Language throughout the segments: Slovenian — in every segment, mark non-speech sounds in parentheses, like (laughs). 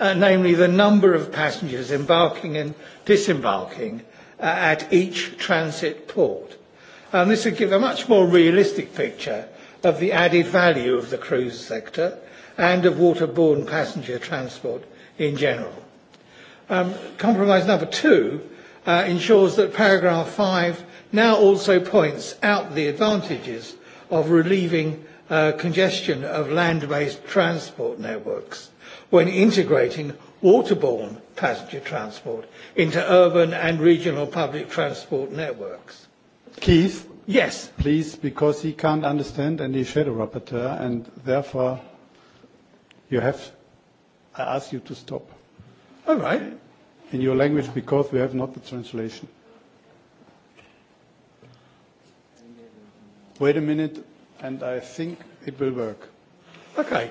uh, namely the number of passengers embarking and disembarking uh, at each transit port. And this would give a much more realistic picture of the added value of the cruise sector and of waterborne passenger transport in general. Um, compromise number two uh, ensures that paragraph five now also points out the advantages of relieving uh, congestion of land-based transport networks when integrating waterborne passenger transport into urban and regional public transport networks. Keith? Yes. Please, because he can't understand any shadow rapporteur, and therefore you have. I ask you to stop. All right. In your language, because we have not the translation. Wait a minute, and I think it will work. Okay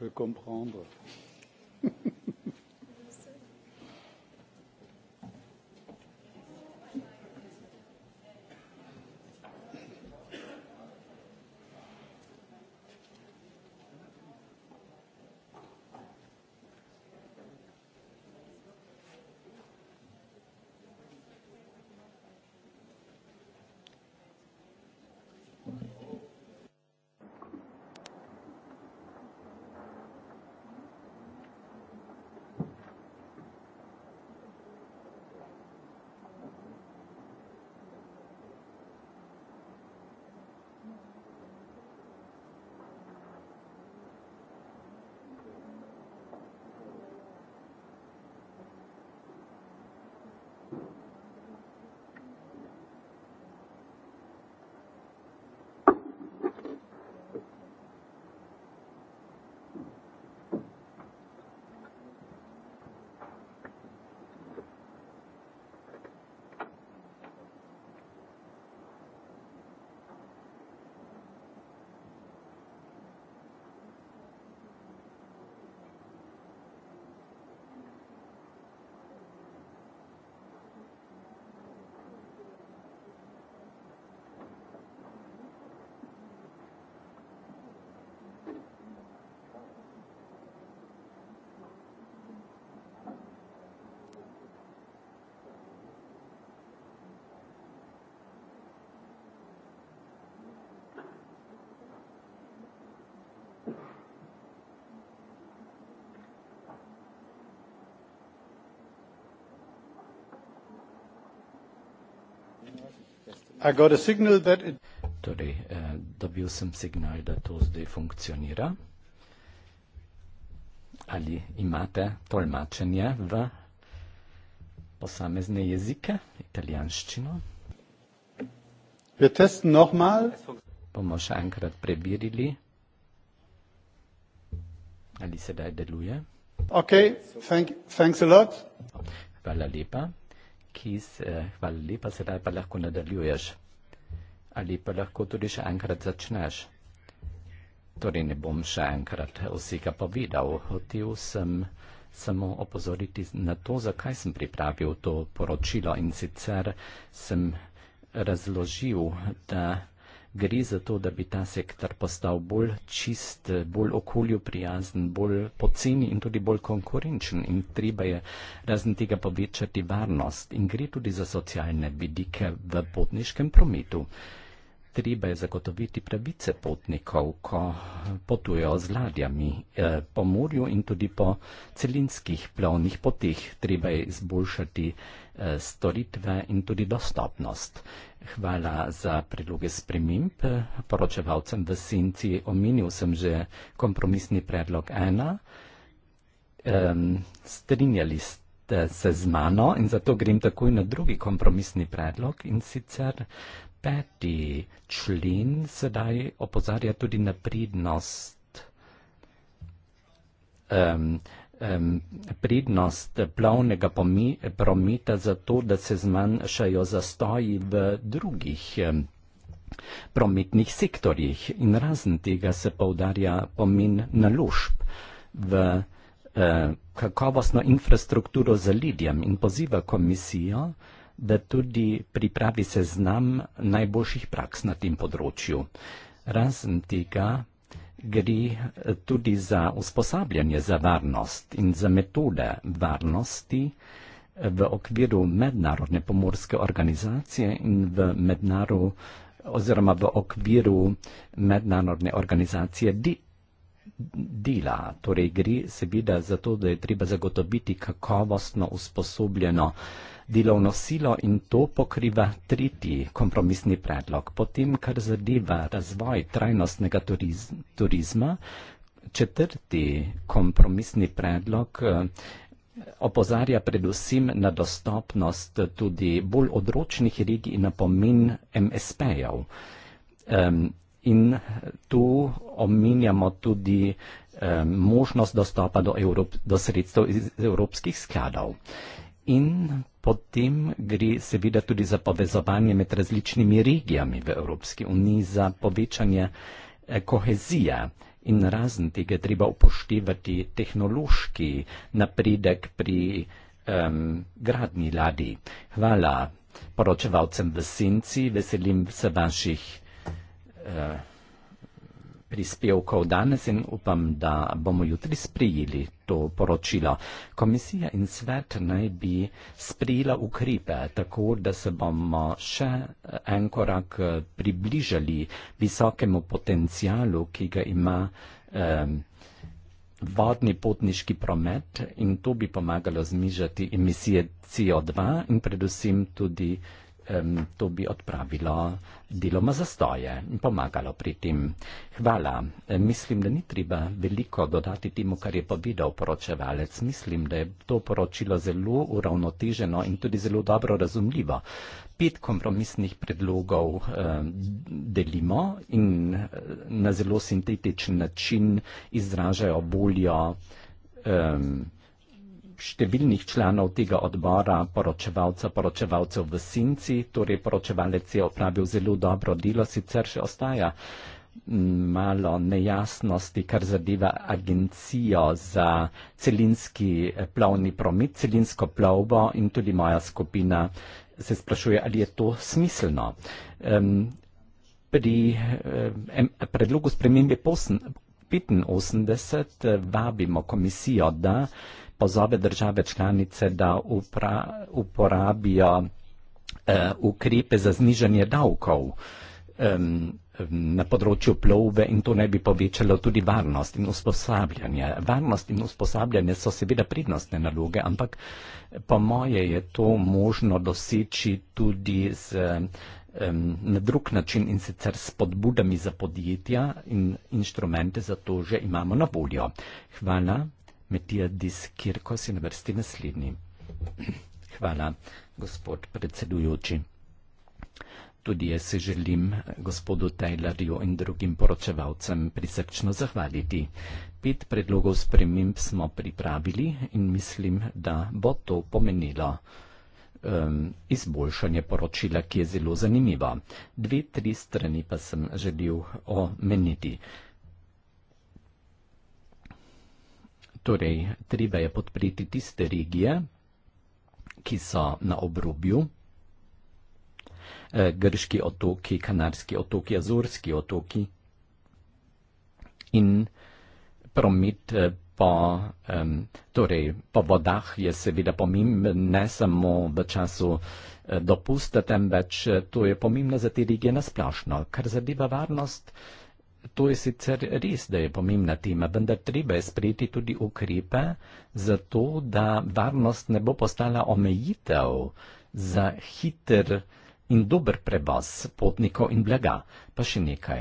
peut comprendre. (laughs) Torej, eh, dobil sem signal, da to zdaj funkcionira. Ali imate tolmačenje v posamezne jezike, italijanščino? Bomo še enkrat prebirili, ali sedaj deluje. Okay, thank, thanks a lot. Hvala lepa. Kis, eh, hvala lepa, sedaj pa lahko nadaljuješ. Ali pa lahko tudi še enkrat začneš. Torej ne bom še enkrat vsega povedal. Hotel sem samo opozoriti na to, zakaj sem pripravil to poročilo. In sicer sem razložil, da gre za to, da bi ta sektor postal bolj čist, bolj okolju prijazen, bolj poceni in tudi bolj konkurenčen. In treba je razen tega povečati varnost in gre tudi za socialne vidike v potniškem prometu. Treba je zagotoviti pravice potnikov, ko potujejo z ladjami eh, po morju in tudi po celinskih plovnih poteh. Treba je izboljšati Eh, storitve in tudi dostopnost. Hvala za predloge sprememb. Poročevalcem v senci omenil sem že kompromisni predlog ena. Um, strinjali ste se z mano in zato grem takoj na drugi kompromisni predlog in sicer peti člen sedaj opozarja tudi na pridnost. Um, um, prednost plavnega prometa zato, da se zmanjšajo zastoji v drugih um, prometnih sektorjih in razen tega se povdarja pomen naložb v uh, kakovostno infrastrukturo za lidjem in poziva komisijo, da tudi pripravi seznam najboljših praks na tem področju. Razen tega gre tudi za usposabljanje za varnost in za metode varnosti v okviru mednarodne pomorske organizacije in v mednaru oziroma v okviru mednarodne organizacije di, dela. Torej gre seveda za to, da je treba zagotoviti kakovostno usposobljeno uh, delovno silo in to pokriva tretji kompromisni predlog. Potem, kar zadeva razvoj trajnostnega turiz turizma, četrti kompromisni predlog eh, opozarja predvsem na dostopnost tudi bolj odročnih regij in na pomen MSP-jev. Um, in tu omenjamo tudi um, možnost dostopa do, Evrop do sredstev iz evropskih skladov. In Potem gre seveda tudi za povezovanje med različnimi regijami v Evropski uniji, za povečanje eh, kohezije. In razen tega treba upoštevati tehnološki napredek pri um, gradni ladi. Hvala poročevalcem v senci, veselim se vaših uh, prispevkov danes in upam, da bomo jutri sprejeli to poročilo. Komisija in svet naj bi sprejela ukrepe, tako da se bomo še en korak eh, približali visokemu potencijalu, ki ga ima eh, vodni potniški promet in to bi pomagalo znižati emisije CO2 in predvsem tudi eh, to bi odpravilo deloma zastoje in pomagalo pri tem. Hvala. Mislim, da ni treba veliko dodati temu, kar je povedal poročevalec. Mislim, da je to poročilo zelo uravnoteženo in tudi zelo dobro razumljivo. Pet kompromisnih predlogov eh, delimo in eh, na zelo sintetičen način izražajo boljo. Eh, številnih članov tega odbora, poročevalca, poročevalcev v Sinci, torej poročevalec je opravil zelo dobro delo, sicer še ostaja mm, malo nejasnosti, kar zadeva agencijo za celinski eh, plovni promet, celinsko plovbo in tudi moja skupina se sprašuje, ali je to smiselno. Pri eh, predlogu spremembe 85 eh, vabimo komisijo, da pozove države članice, da upra, uporabijo eh, ukrepe za znižanje davkov na področju plovbe in to ne bi povečalo tudi varnost in usposabljanje. Varnost in usposabljanje so seveda prednostne naloge, ampak po moje je to možno doseči tudi z, um, na drug način in sicer s podbudami za podjetja in inštrumente za to že imamo na voljo. Hvala. Metija Diskirkos je na vrsti naslednji. Hvala, gospod predsedujoči. Tudi jaz se želim gospodu Tejlarju in drugim poročevalcem prisrčno zahvaliti. Pet predlogov sprememb smo pripravili in mislim, da bo to pomenilo um, izboljšanje poročila, ki je zelo zanimivo. Dve, tri strani pa sem želel omeniti. Uh, Torej, treba je podpreti tiste regije, ki so na obrobju, eh, Grški otoki, Kanarski otoki, Azorski otoki in promet eh, po, torej, po vodah je seveda pomemben ne samo v času eh, dopusta, temveč to je pomembno za te regije nasplošno. Kar zadeva varnost, To je sicer res, da je pomembna tema, vendar treba je sprejeti tudi ukrepe za to, da varnost ne bo postala omejitev za hiter in dober prevoz potnikov in blaga. Pa še nekaj.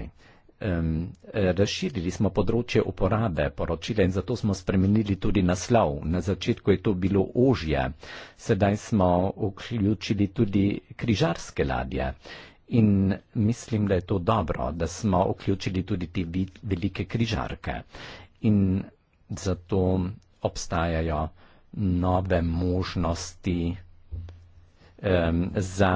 Um, razširili smo področje uporabe poročila in zato smo spremenili tudi naslov. Na začetku je to bilo ožje, sedaj smo vključili tudi križarske ladje In mislim, da je to dobro, da smo vključili tudi te velike križarke. In zato obstajajo nove možnosti um, za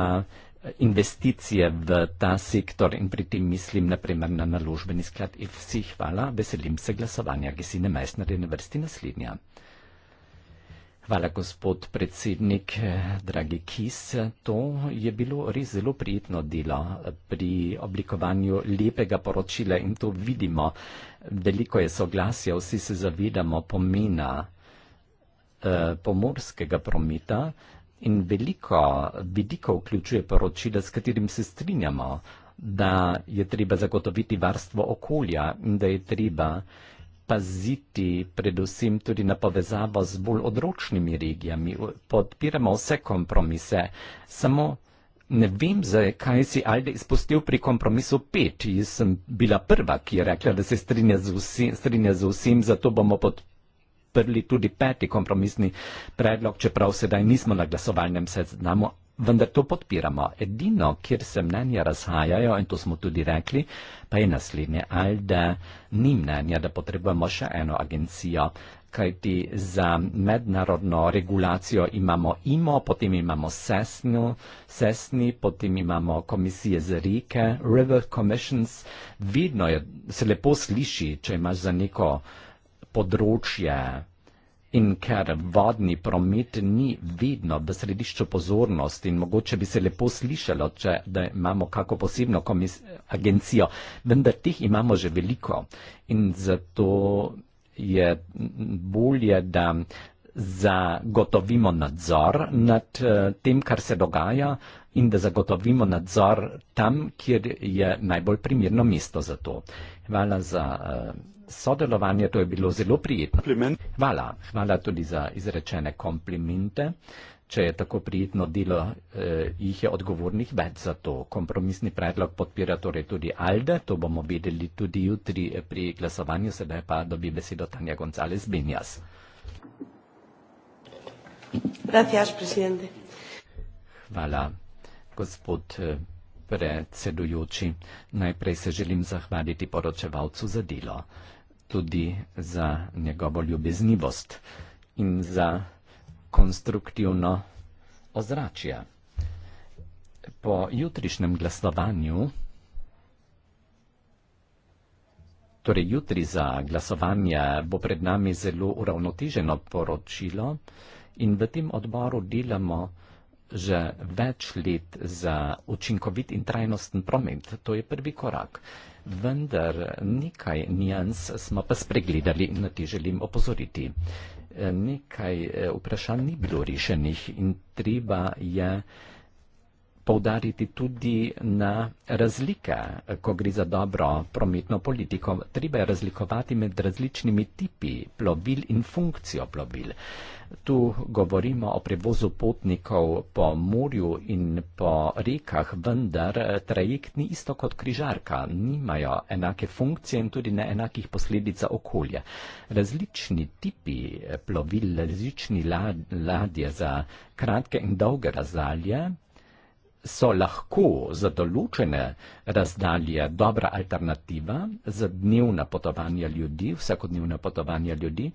investicije v ta sektor in pri tem mislim naprimer na naložbeni sklad IFSI. Hvala, veselim se glasovanja, ki si ne majstnare na vrsti naslednja. Hvala, gospod predsednik, dragi Kis. To je bilo res zelo prijetno delo pri oblikovanju lepega poročila in to vidimo. Veliko je soglasja, vsi se zavedamo pomena eh, pomorskega prometa in veliko vidika vključuje poročila, s katerim se strinjamo, da je treba zagotoviti varstvo okolja in da je treba uh, paziti predvsem tudi na povezavo z bolj odročnimi regijami. Podpiramo vse kompromise, samo ne vem, zakaj si Alde izpustil pri kompromisu pet. Jaz sem bila prva, ki je rekla, da se strinja z, vsi, strinja z vsem, zato bomo podprli tudi peti kompromisni predlog, čeprav sedaj nismo na glasovalnem seznamu, vendar to podpiramo. Edino, kjer se mnenja razhajajo, in to smo tudi rekli, pa je naslednje, ali da ni mnenja, da potrebujemo še eno agencijo, kajti za mednarodno regulacijo imamo IMO, potem imamo SESNU, SESNI, potem imamo komisije za rike, River Commissions, vedno je, se lepo sliši, če imaš za neko področje In ker vodni promet ni vedno v središču pozornosti in mogoče bi se lepo slišalo, če imamo kako posebno komis, agencijo, vendar teh imamo že veliko in zato je bolje, da zagotovimo nadzor nad tem, kar se dogaja in da zagotovimo nadzor tam, kjer je najbolj primirno mesto za to. Hvala za. Uh, sodelovanje, to je bilo zelo prijetno. Kompliment. Hvala. Hvala tudi za izrečene komplimente. Če je tako prijetno delo, eh, jih je odgovornih več za to. Kompromisni predlog podpira torej tudi Alde, to bomo videli tudi jutri pri glasovanju, sedaj pa dobi besedo Tanja González Benjas. Hvala, gospod eh, predsedujoči. Najprej se želim zahvaliti poročevalcu za delo tudi za njegovo ljubeznivost in za konstruktivno ozračje. Po jutrišnjem glasovanju, torej jutri za glasovanje, bo pred nami zelo uravnoteženo poročilo in v tem odboru delamo že več let za učinkovit in trajnosten promet. To je prvi korak vendar nekaj nijans smo pa spregledali in na te želim opozoriti. Eh, nekaj eh, vprašanj ni bilo rešenih in treba je poudariti tudi na razlike, ko gre za dobro prometno politiko. Treba je razlikovati med različnimi tipi plovil in funkcijo plovil. Tu govorimo o prevozu potnikov po morju in po rekah, vendar trajekt ni isto kot križarka, nimajo enake funkcije in tudi ne enakih posledic za okolje. Različni tipi plovil, različni ladje za kratke in dolge razdalje so lahko za določene razdalje dobra alternativa za dnevna potovanja ljudi, vsakodnevna potovanja ljudi.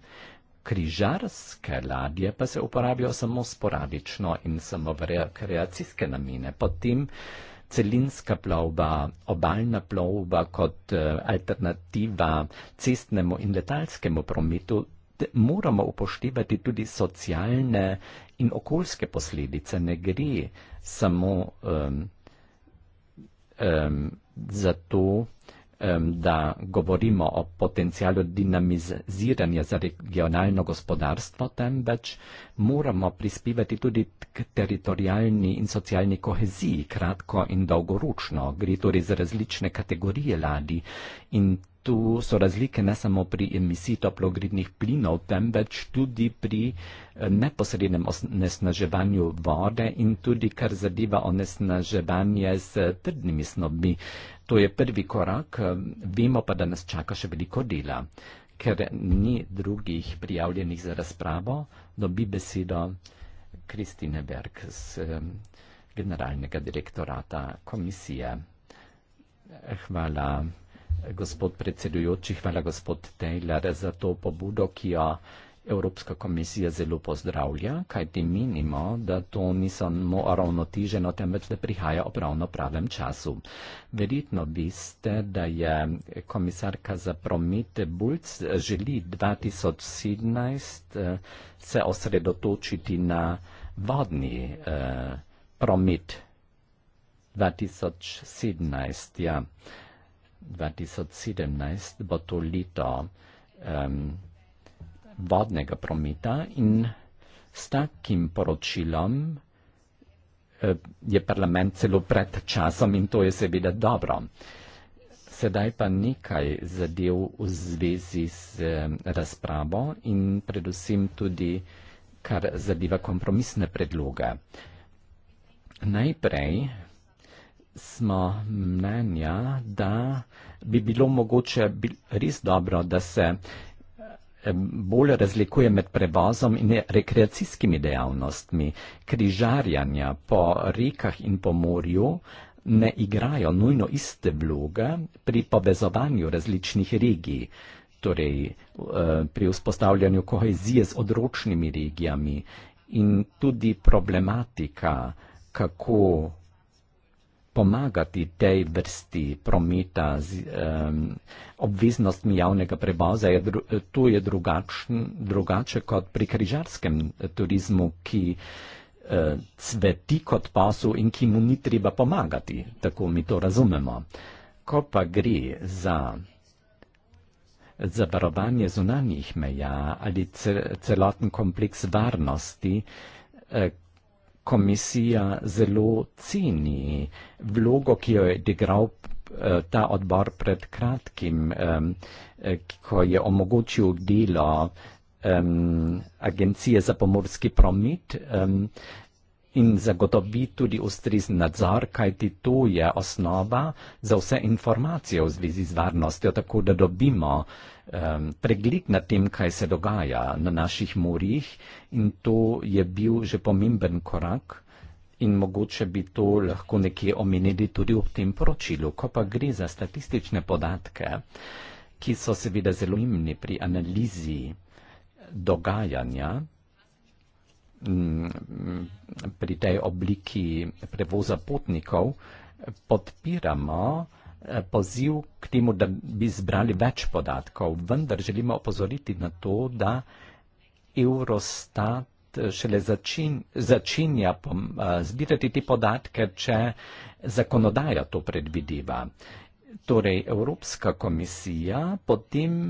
Križarske ladje pa se uporabljajo samo sporadično in samo v rekreacijske namene. Potem celinska plovba, obaljna plovba kot eh, alternativa cestnemu in letalskemu prometu, moramo upoštevati tudi socialne in okoljske posledice ne gre samo um, um, za to, um, da govorimo o potencijalu dinamiziranja za regionalno gospodarstvo, temveč moramo prispevati tudi k teritorijalni in socialni koheziji kratko in dolgoročno. Gre torej za različne kategorije ladi in svetu so razlike ne samo pri emisiji toplogrednih plinov, temveč tudi pri eh, neposrednem onesnaževanju vode in tudi kar zadeva onesnaževanje z trdnimi snobmi. To je prvi korak, eh, vemo pa, da nas čaka še veliko dela. Ker ni drugih prijavljenih za razpravo, dobi besedo Kristine Berg z eh, generalnega direktorata komisije. Hvala gospod predsedujoči, hvala gospod Taylor za to pobudo, ki jo Evropska komisija zelo pozdravlja, kajti menimo, da to ni samo ravnoteženo, temveč da prihaja ob ravno pravem času. Verjetno biste, da je komisarka za promet Bulc želi 2017 eh, se osredotočiti na vodni eh, promet 2017. Ja. 2017 bo to leto um, vodnega prometa in s takim poročilom eh, je parlament celo pred časom in to je seveda dobro. Sedaj pa nekaj zadev v zvezi z razpravo in predvsem tudi, kar zadeva kompromisne predloge. Najprej smo mnenja, da bi bilo mogoče bi res dobro, da se eh, bolj razlikuje med prevozom in rekreacijskimi dejavnostmi. Križarjanja po rekah in po morju ne igrajo nujno iste vloge pri povezovanju različnih regij, torej eh, pri vzpostavljanju kohezije z odročnimi regijami in tudi problematika, kako pomagati tej vrsti prometa z um, obveznostmi javnega prevoza, je dru, tu je drugačn, drugače kot pri križarskem eh, turizmu, ki uh, cveti kot pasu in ki mu ni treba pomagati, tako mi to razumemo. Ko pa gre za zavarovanje zunanjih meja ali celoten kompleks varnosti, uh, komisija zelo ceni vlogo, ki jo je odigral eh, ta odbor pred kratkim, eh, ko je omogočil delo agencije za pomorski promet in zagotovi tudi ustrezen nadzor, kajti to je osnova za vse informacije v zvezi z varnostjo, tako da dobimo um, pregled nad tem, kaj se dogaja na naših morjih in to je bil že pomemben korak in mogoče bi to lahko nekje omenili tudi v tem poročilu. Ko pa gre za statistične podatke, ki so seveda zelo imni pri analizi dogajanja, pri tej obliki prevoza potnikov podpiramo eh, poziv k temu, da bi zbrali več podatkov, vendar želimo opozoriti na to, da Eurostat šele začenja eh, zbirati te podatke, če zakonodaja to predvideva. Torej, Evropska komisija potem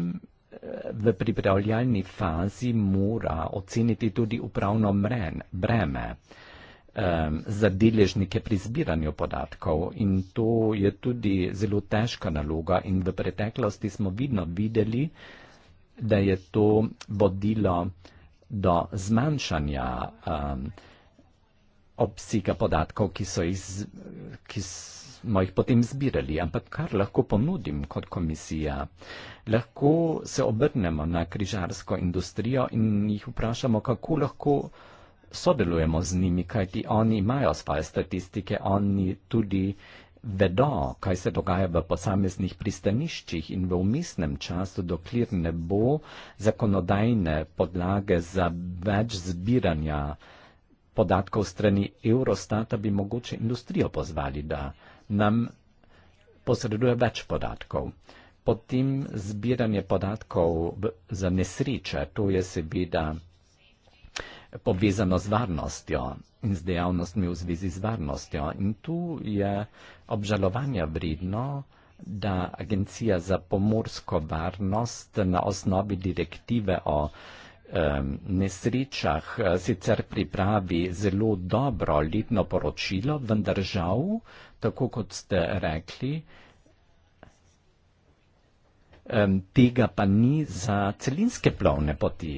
v pripravljalni fazi mora oceniti tudi upravno mren, breme um, za deležnike pri zbiranju podatkov in to je tudi zelo težka naloga in v preteklosti smo vidno videli, da je to vodilo do zmanjšanja um, obsika podatkov, ki so, iz, ki smo jih potem zbirali, ampak kar lahko ponudim kot komisija, lahko se obrnemo na križarsko industrijo in jih vprašamo, kako lahko sodelujemo z njimi, kajti oni imajo svoje statistike, oni tudi vedo, kaj se dogaja v posameznih pristaniščih in v umestnem času, dokler ne bo zakonodajne podlage za več zbiranja podatkov strani Eurostata, bi mogoče industrijo pozvali, da uh, nam posreduje več podatkov. Potem zbiranje podatkov za nesreče, to je seveda povezano z varnostjo in z dejavnostmi v zvezi z varnostjo. In tu je obžalovanja vredno, da Agencija za pomorsko varnost na osnovi direktive o nesrečah eh, sicer pripravi zelo dobro letno poročilo, vendar žal, tako kot ste rekli, tega pa ni za celinske plovne poti.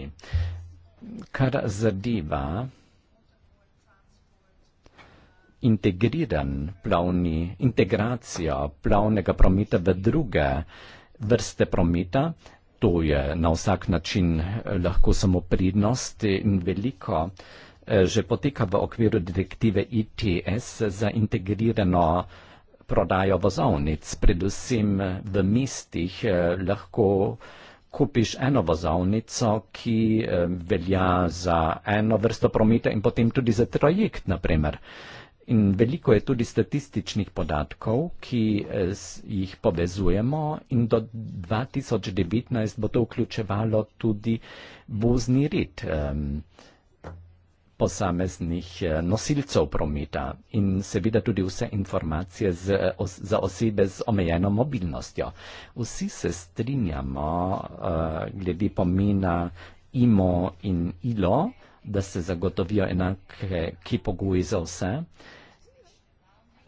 Kar zadeva integriran plavni, integracijo plavnega prometa v druge vrste prometa, to je na vsak način eh, lahko samo prednost in veliko eh, že poteka v okviru direktive ITS e za integrirano prodajo vozovnic. Predvsem eh, v mestih lahko kupiš eno vozovnico, ki velja za eno vrsto prometa in potem tudi za trajekt, naprimer. In veliko je tudi statističnih podatkov, ki eh, jih povezujemo in do 2019 bo to vključevalo tudi vozni red um, posameznih eh, nosilcev prometa in seveda tudi vse informacije z, eh, os, za osebe z omejeno mobilnostjo. Vsi se strinjamo uh, glede pomena IMO in ILO, da se zagotovijo enake pogoji za vse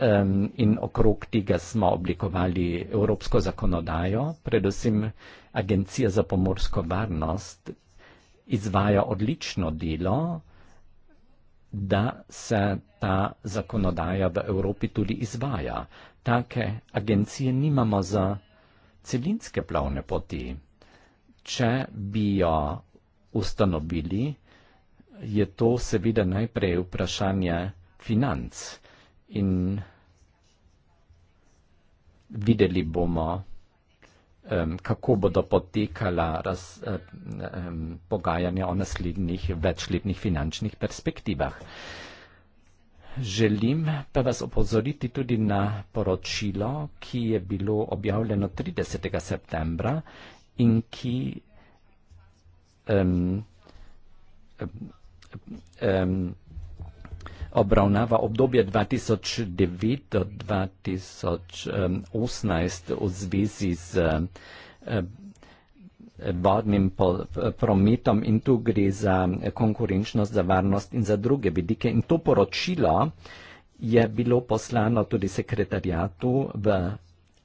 um, in okrog tega smo oblikovali evropsko zakonodajo, predvsem Agencija za pomorsko varnost izvaja odlično delo, da se ta zakonodaja v Evropi tudi izvaja. Take agencije nimamo za celinske plavne poti. Če bi jo ustanovili, je to seveda najprej vprašanje financ in videli bomo, kako bodo potekala raz, pogajanja o naslednjih večletnih finančnih perspektivah. Želim pa vas opozoriti tudi na poročilo, ki je bilo objavljeno 30. septembra in ki um, um, obravnava obdobje 2009 do 2018 v zvezi z eh, vodnim prometom in tu gre za konkurenčnost, za varnost in za druge vidike. In to poročilo je bilo poslano tudi sekretarijatu v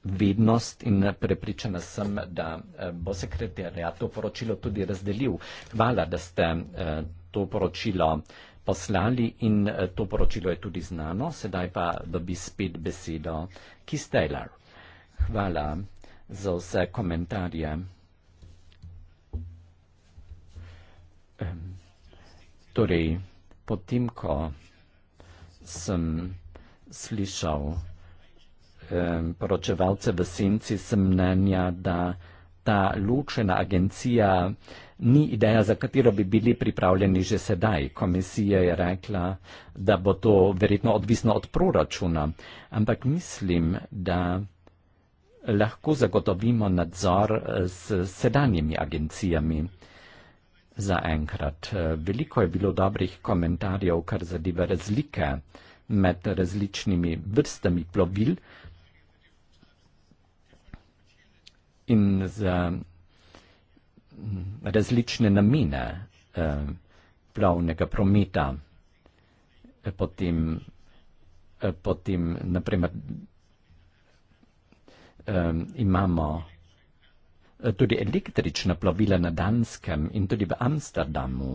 vednost in prepričana sem, da eh, bo sekretarijat to poročilo tudi razdelil. Hvala, da ste eh, to poročilo poslali in eh, to poročilo je tudi znano. Sedaj pa dobi spet besedo Kistelar. Hvala za vse komentarje. Torej, potem, ko sem slišal poročevalce v senci, sem mnenja, da ta ločena agencija ni ideja, za katero bi bili pripravljeni že sedaj. Komisija je rekla, da bo to verjetno odvisno od proračuna, ampak mislim, da lahko zagotovimo nadzor eh, s sedanjimi agencijami. Zaenkrat eh, veliko je bilo dobrih komentarjev, kar zadeva razlike med različnimi vrstami plovil in za različne namene eh, plavnega prometa, eh, potem, eh, potem naprimer, eh, imamo eh, tudi električna plovila na Danskem in tudi v Amsterdamu,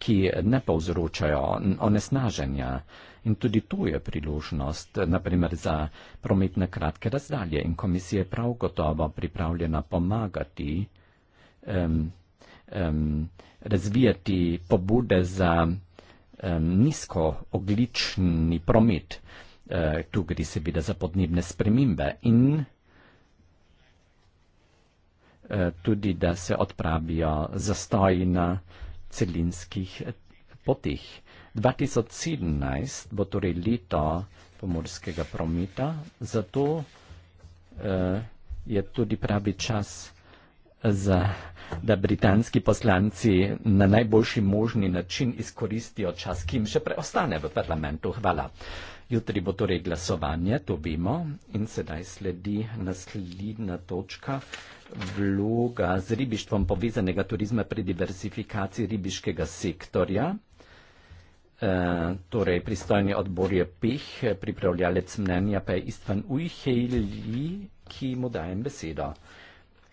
ki ne povzročajo onesnaženja. Eh, In tudi tu je priložnost, naprimer za prometne kratke razdalje. In komisija je prav gotovo pripravljena pomagati, um, um, razvijati pobude za um, nizkooglični promet. Uh, tu gre seveda za podnebne spremembe in e, tudi, da se odpravijo zastoji na celinskih poteh. 2017 bo torej leto pomorskega prometa, zato uh, je tudi pravi čas, za, da britanski poslanci na najboljši možni način izkoristijo čas, ki jim še preostane v parlamentu. Hvala. Jutri bo torej glasovanje, to vemo, in sedaj sledi naslednja točka vloga z ribištvom povezanega turizma pri diversifikaciji ribiškega sektorja. Eh, torej pristojni odbor je PIH, pripravljalec mnenja pa je Istvan Ujheli, ki mu dajem besedo.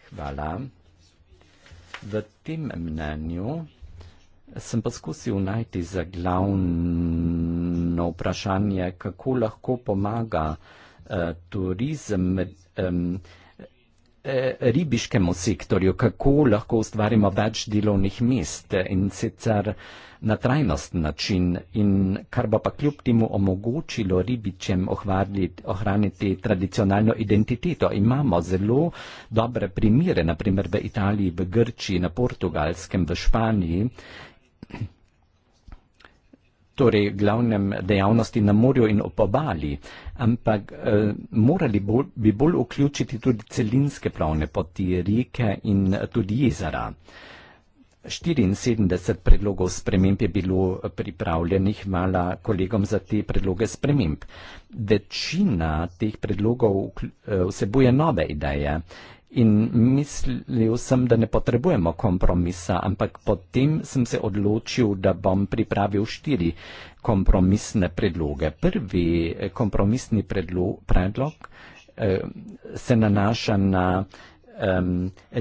Hvala. V tem mnenju sem poskusil najti za glavno vprašanje, kako lahko pomaga uh, turizem. Um, Eh, ribiškemu sektorju, kako lahko ustvarimo več delovnih mest eh, in sicer na trajnost način in kar bo pa kljub temu omogočilo ribičem ohraniti tradicionalno identiteto. Imamo zelo dobre primere, naprimer v Italiji, v Grčiji, na Portugalskem, v Španiji torej glavnem dejavnosti na morju in ob obali, ampak eh, morali bol, bi bolj vključiti tudi celinske plavne poti, rike in eh, tudi jezera. 74 predlogov sprememb je bilo eh, pripravljenih, hvala kolegom za te predloge sprememb. Večina teh predlogov eh, vsebuje nove ideje In mislil sem, da ne potrebujemo kompromisa, ampak potem sem se odločil, da bom pripravil štiri kompromisne predloge. Prvi eh, kompromisni predlog eh, se nanaša na eh,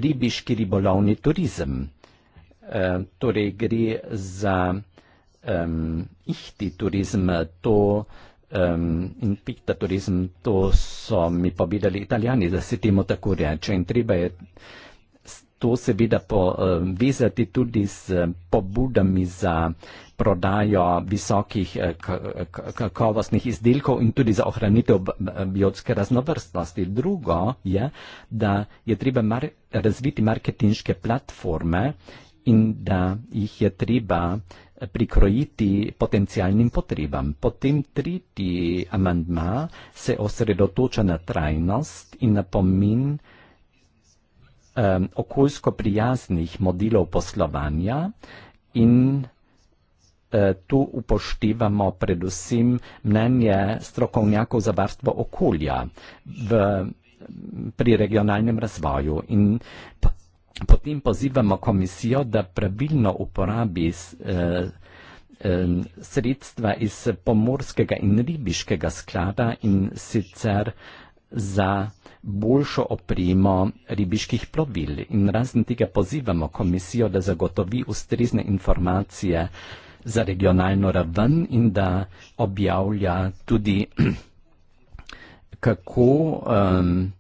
ribiški ribolovni turizem. Eh, torej gre za eh, ihti turizem. To, um, in pikta turizem, to so mi pa videli italijani, da se temu tako reče. In treba je to seveda povezati uh, tudi s uh, pobudami za prodajo visokih eh, kakovostnih izdelkov in tudi za ohranitev biotske raznovrstnosti. Drugo je, da je treba mar razviti marketinške platforme in da jih je treba uh, prikrojiti potencijalnim potrebam. Potem tretji amandma se osredotoča na trajnost in na pomen um, okoljsko prijaznih modelov poslovanja in e, Tu upoštevamo predvsem mnenje strokovnjakov za varstvo okolja v, pri regionalnem razvoju. In potem pozivamo komisijo, da pravilno uporabi eh, sredstva iz pomorskega in ribiškega sklada in sicer za boljšo opremo ribiških plovil. In razen tega pozivamo komisijo, da zagotovi ustrezne informacije za regionalno raven in da objavlja tudi (clears throat) kako um,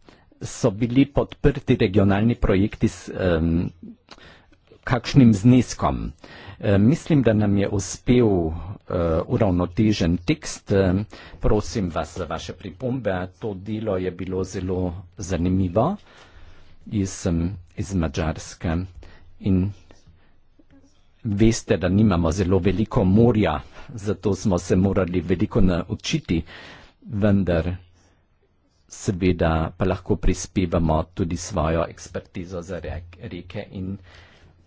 so bili podprti regionalni projekti s um, kakšnim zniskom. E, mislim, da nam je uspel uh, uravnotežen tekst. E, prosim vas za vaše pripombe. To delo je bilo zelo zanimivo. Jaz sem iz Mačarske in veste, da nimamo zelo veliko morja, zato smo se morali veliko naučiti, vendar seveda pa lahko prispevamo tudi svojo ekspertizo za reke in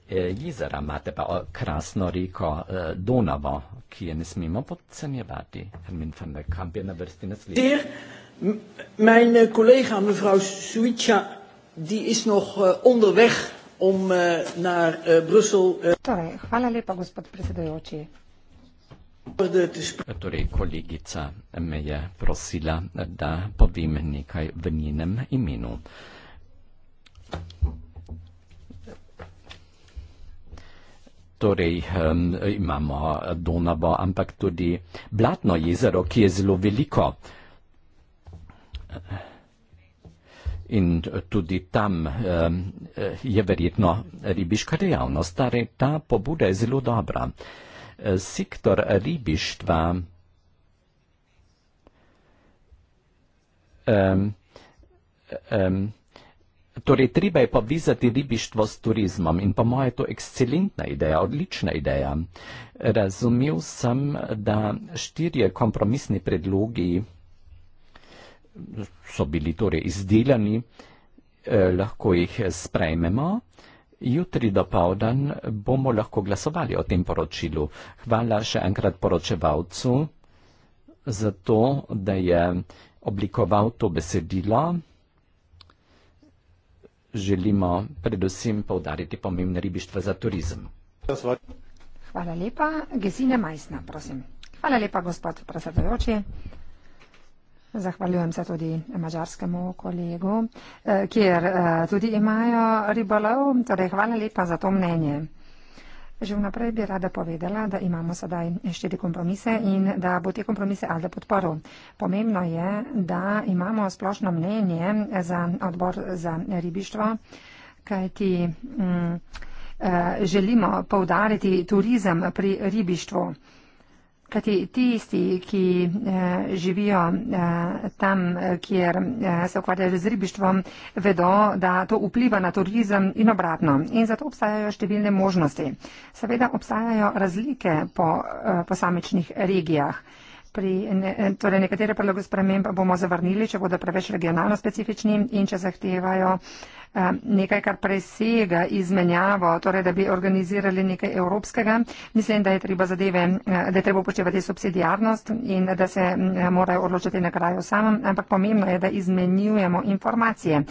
eh, jezera. Imate pa krasno reko eh, Donavo, ki je ne smemo podcenjevati. Hermin van der Kamp je na vrsti naslednji. Dear, mijn eh, collega, mevrouw Suica, die is nog eh, onderweg om eh, naar eh, Brussel. Eh. Torej, hvala lepa, gospod predsedujoči. E, torej, kolegica me je prosila, da povem nekaj v njenem imenu. Torej, um, imamo Donavo, ampak tudi Blatno jezero, ki je zelo veliko. In tudi tam um, je verjetno ribiška dejavnost. Torej, ta pobuda je zelo dobra sektor ribištva. Um, um, torej, treba je povezati ribištvo s turizmom in po mojem je to ekscelentna ideja, odlična ideja. Razumel sem, da štirje kompromisni predlogi so bili torej izdelani, eh, lahko jih sprejmemo. Eh, Jutri do povdan bomo lahko glasovali o tem poročilu. Hvala še enkrat poročevalcu za to, da je oblikoval to besedilo. Želimo predvsem povdariti pomembne ribištva za turizem. Hvala lepa, Gesine Majsna, prosim. Hvala lepa, gospod predsedujoči. Zahvaljujem se tudi mađarskemu kolegu, eh, kjer eh, tudi imajo ribolov. Torej, hvala lepa za to mnenje. Že vnaprej bi rada povedala, da imamo sedaj štiri kompromise in da bo te kompromise Alde podporil. Pomembno je, da imamo splošno mnenje za odbor za ribištvo, kajti mm, eh, želimo povdariti turizem pri ribištvu. Kajti tisti, ki eh, živijo eh, tam, kjer eh, se ukvarjajo z ribištvom, vedo, da to vpliva na turizem in obratno. In zato obstajajo številne možnosti. Seveda obstajajo razlike po posamičnih regijah. Pri ne, eh, torej nekatere predloge sprememb bomo zavrnili, če bodo preveč regionalno specifični in če zahtevajo eh, nekaj, kar presega izmenjavo, torej da bi organizirali nekaj evropskega. Mislim, da je treba zadeve, eh, da je treba upoštevati subsidijarnost in da se mm, morajo odločiti na kraju samem, ampak pomembno je, da izmenjujemo informacije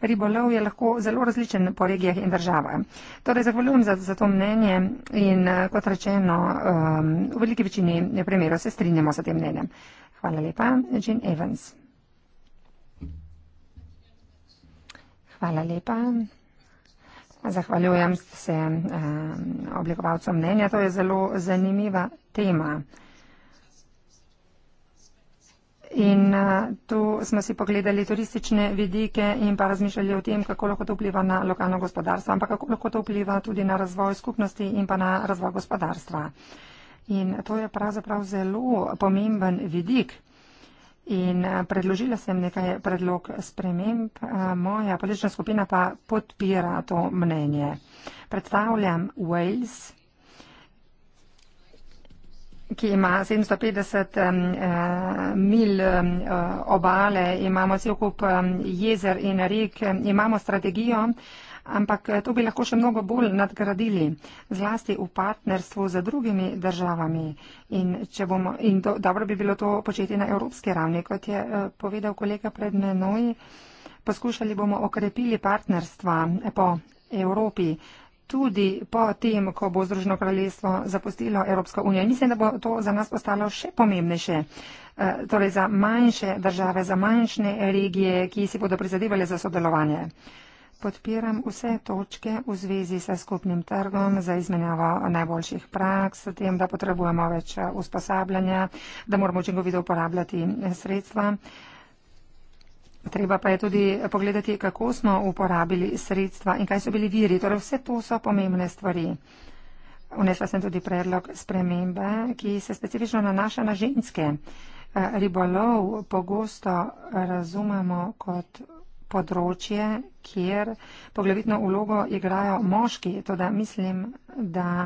ribolov je lahko zelo različen po regijah in državah. Torej, zahvaljujem za, za to mnenje in eh, kot rečeno, um, v veliki večini primerov se strinjamo sa tem mnenjem. Hvala lepa, Jean Evans. Hvala lepa. Zahvaljujem se um, ehm, oblikovalcu mnenja. To je zelo zanimiva tema. In uh, tu smo si pogledali turistične vidike in pa razmišljali o tem, kako lahko to vpliva na lokalno gospodarstvo, ampak kako lahko to vpliva tudi na razvoj skupnosti in pa na razvoj gospodarstva. In to je pravzaprav zelo pomemben vidik. In eh, predložila sem nekaj predlog sprememb, eh, moja politična skupina pa podpira to mnenje. Predstavljam Wales ki ima 750 um, mil um, obale, imamo cel kup um, jezer in rek, imamo strategijo, ampak eh, to bi lahko še mnogo bolj nadgradili, zlasti v partnerstvu z drugimi državami. In, bomo, in do, dobro bi bilo to početi na evropski ravni, kot je uh, povedal kolega pred menoj. Poskušali bomo okrepili partnerstva po Evropi, tudi po tem, ko bo Združeno kraljestvo zapustilo Evropsko unijo. Mislim, da bo to za nas postalo še pomembnejše, eh, torej za manjše države, za manjše regije, ki si bodo prizadevali za sodelovanje. Podpiram vse točke v zvezi s skupnim trgom za izmenjavo najboljših praks, s tem, da potrebujemo več eh, usposabljanja, da moramo učinkovito uporabljati eh, sredstva. Treba pa je tudi pogledati, kako smo uporabili sredstva in kaj so bili viri. Torej, vse to so pomembne stvari. Unesla sem tudi predlog spremembe, ki se specifično nanaša na ženske. Eh, ribolov pogosto razumemo kot področje, kjer poglavitno vlogo igrajo moški. Toda mislim, da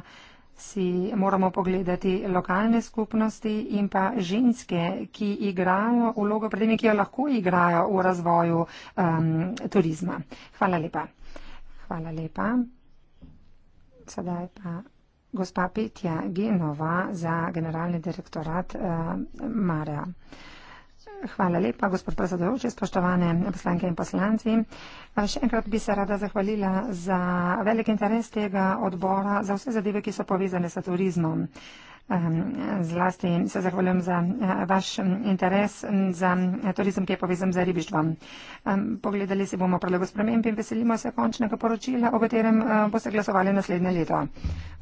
si moramo pogledati lokalne skupnosti in pa ženske, ki igrajo vlogo, predtem, ki jo lahko igrajo v razvoju um, turizma. Hvala lepa. Hvala lepa. Sedaj pa gospa Petja Genova za generalni direktorat uh, Marja. Hvala lepa, gospod predsedujoči, spoštovane poslanke in poslanci. Še enkrat bi se rada zahvalila za velik interes tega odbora, za vse zadeve, ki so povezane s turizmom. Ehm, zlasti se zahvaljujem za eh, vaš interes za eh, turizem, ki je povezan z ribištvom. Ehm, pogledali si bomo predlog sprememb in veselimo se končnega poročila, o katerem eh, bo se glasovali naslednje leto.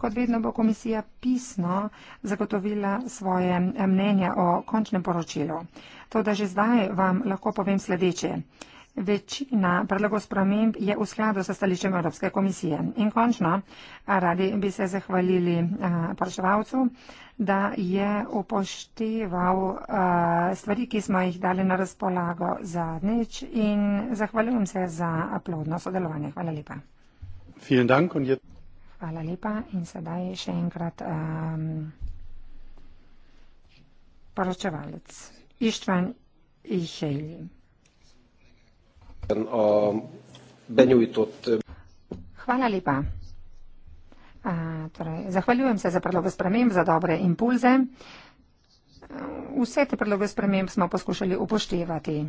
Kot vedno bo komisija pisno zagotovila svoje mnenje o končnem poročilu. To, da že zdaj vam lahko povem sledeče. Večina predlogov sprememb je v skladu s stališčem Evropske komisije. In končno, radi bi se zahvalili eh, poročevalcu, da je upošteval eh, stvari, ki smo jih dali na razpolago zadnjič in zahvaljujem se za plodno sodelovanje. Hvala lepa. Hvala lepa in sedaj še enkrat um, poročevalec. Ištvan Ihejli benyújtott. Hvala lepa. A, torej, zahvaljujem se za predloge sprememb, za dobre impulze. Vse te predloge sprememb smo poskušali upoštevati.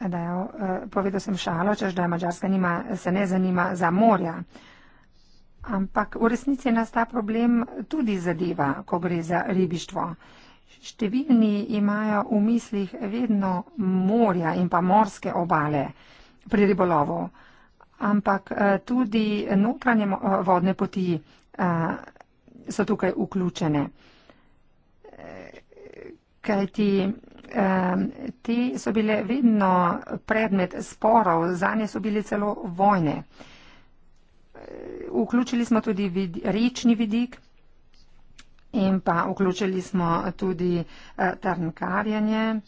Da, e, povedal sem šalo, čež da Mačarska se ne zanima za morja. Ampak v resnici nas ta problem tudi zadeva, ko gre za ribištvo. Številni imajo v mislih vedno morja in pa morske obale pri ribolovu, ampak eh, tudi notranje eh, vodne poti eh, so tukaj vključene. Kajti te so bile vedno predmet sporov, za nje so bile celo vojne. Vključili smo tudi vid, rečni vidik in pa vključili smo tudi eh, trnkarjanje.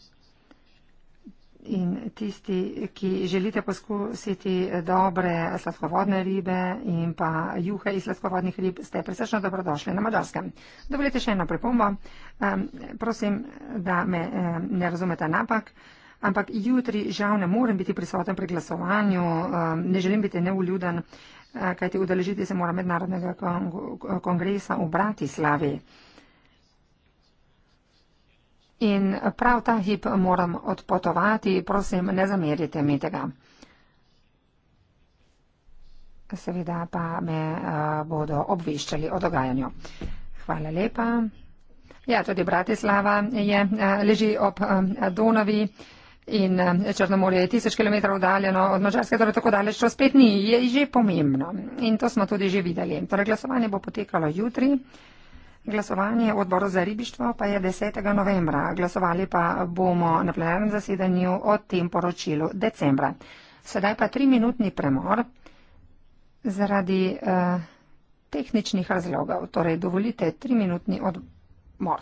In tisti, ki želite poskusiti eh, dobre sladkovodne ribe in pa juhe iz sladkovodnih rib, ste presrečno dobrodošli na Madarskem. Dovolite še eno pripombo. Um, prosim, da me um, ne razumete napak, ampak jutri žal ne morem biti prisoten pri glasovanju, um, ne želim biti neuljuden. Um, Eh, kajti udeležiti se mora mednarodnega kongresa v Bratislavi. In prav ta hip moram odpotovati, prosim, ne zamerite mi tega. Seveda pa me eh, bodo obveščali o dogajanju. Hvala lepa. Ja, tudi Bratislava je, eh, leži ob Donavi in eh, Črnomorje je tisoč km oddaljeno od Mačarske, torej tako daleč to spet ni, je že pomembno. In to smo tudi že videli. Torej glasovanje bo potekalo jutri. Glasovanje odboru za ribištvo pa je 10. novembra. Glasovali pa bomo na plenarnem zasedanju o tem poročilu decembra. Sedaj pa tri minutni premor zaradi uh, tehničnih razlogov. Torej, dovolite tri minutni odmor.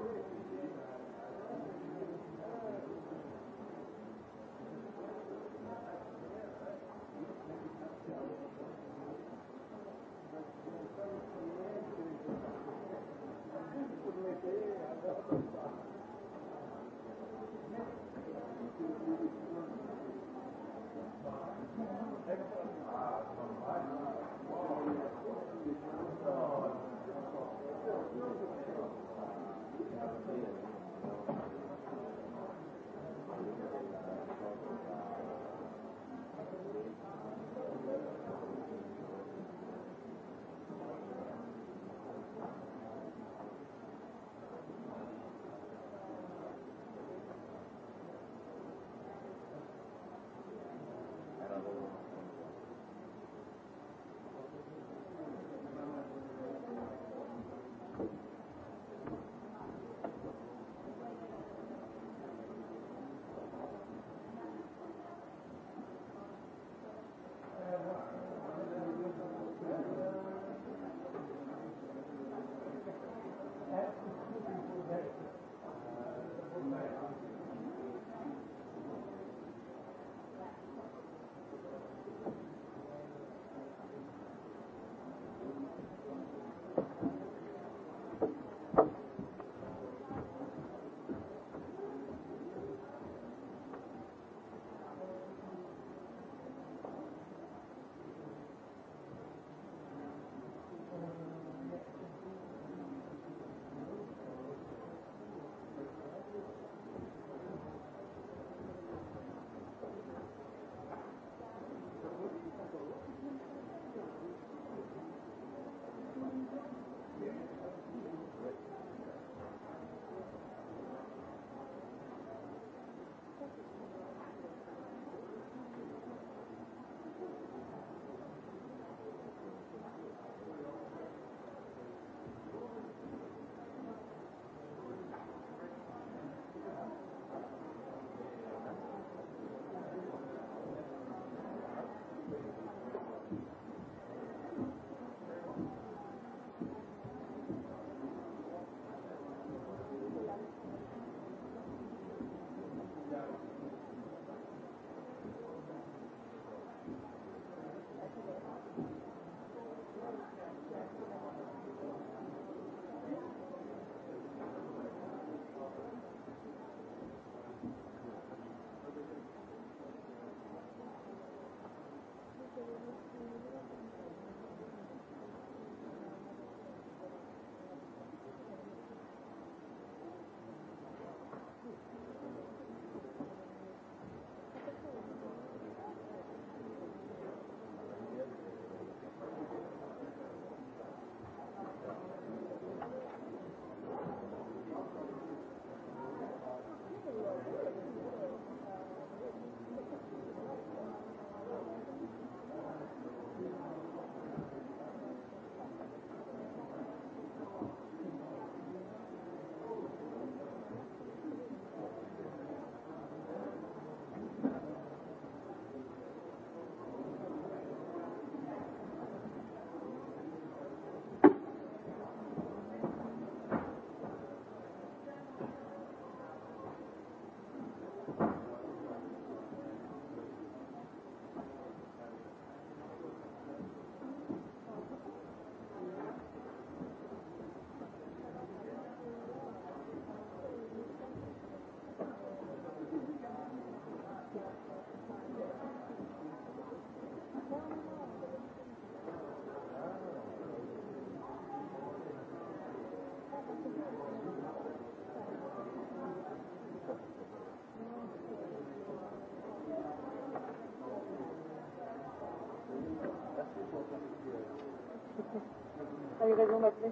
Ali ga zumati?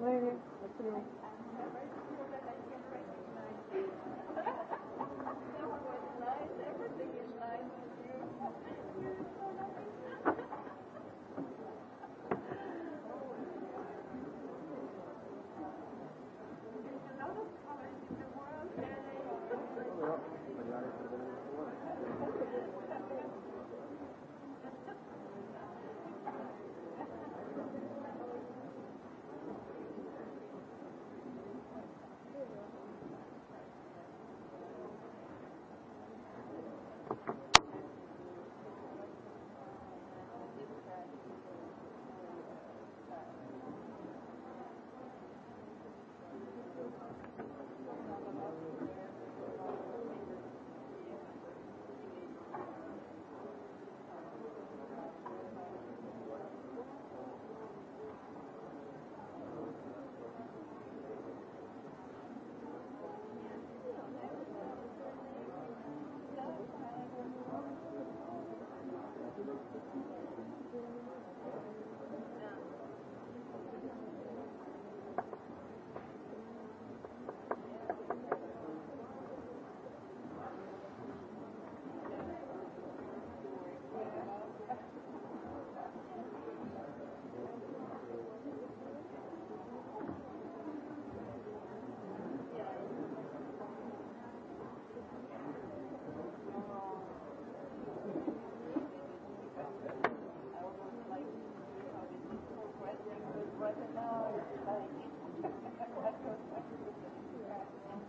Ne, ne, odprimo. Thank you.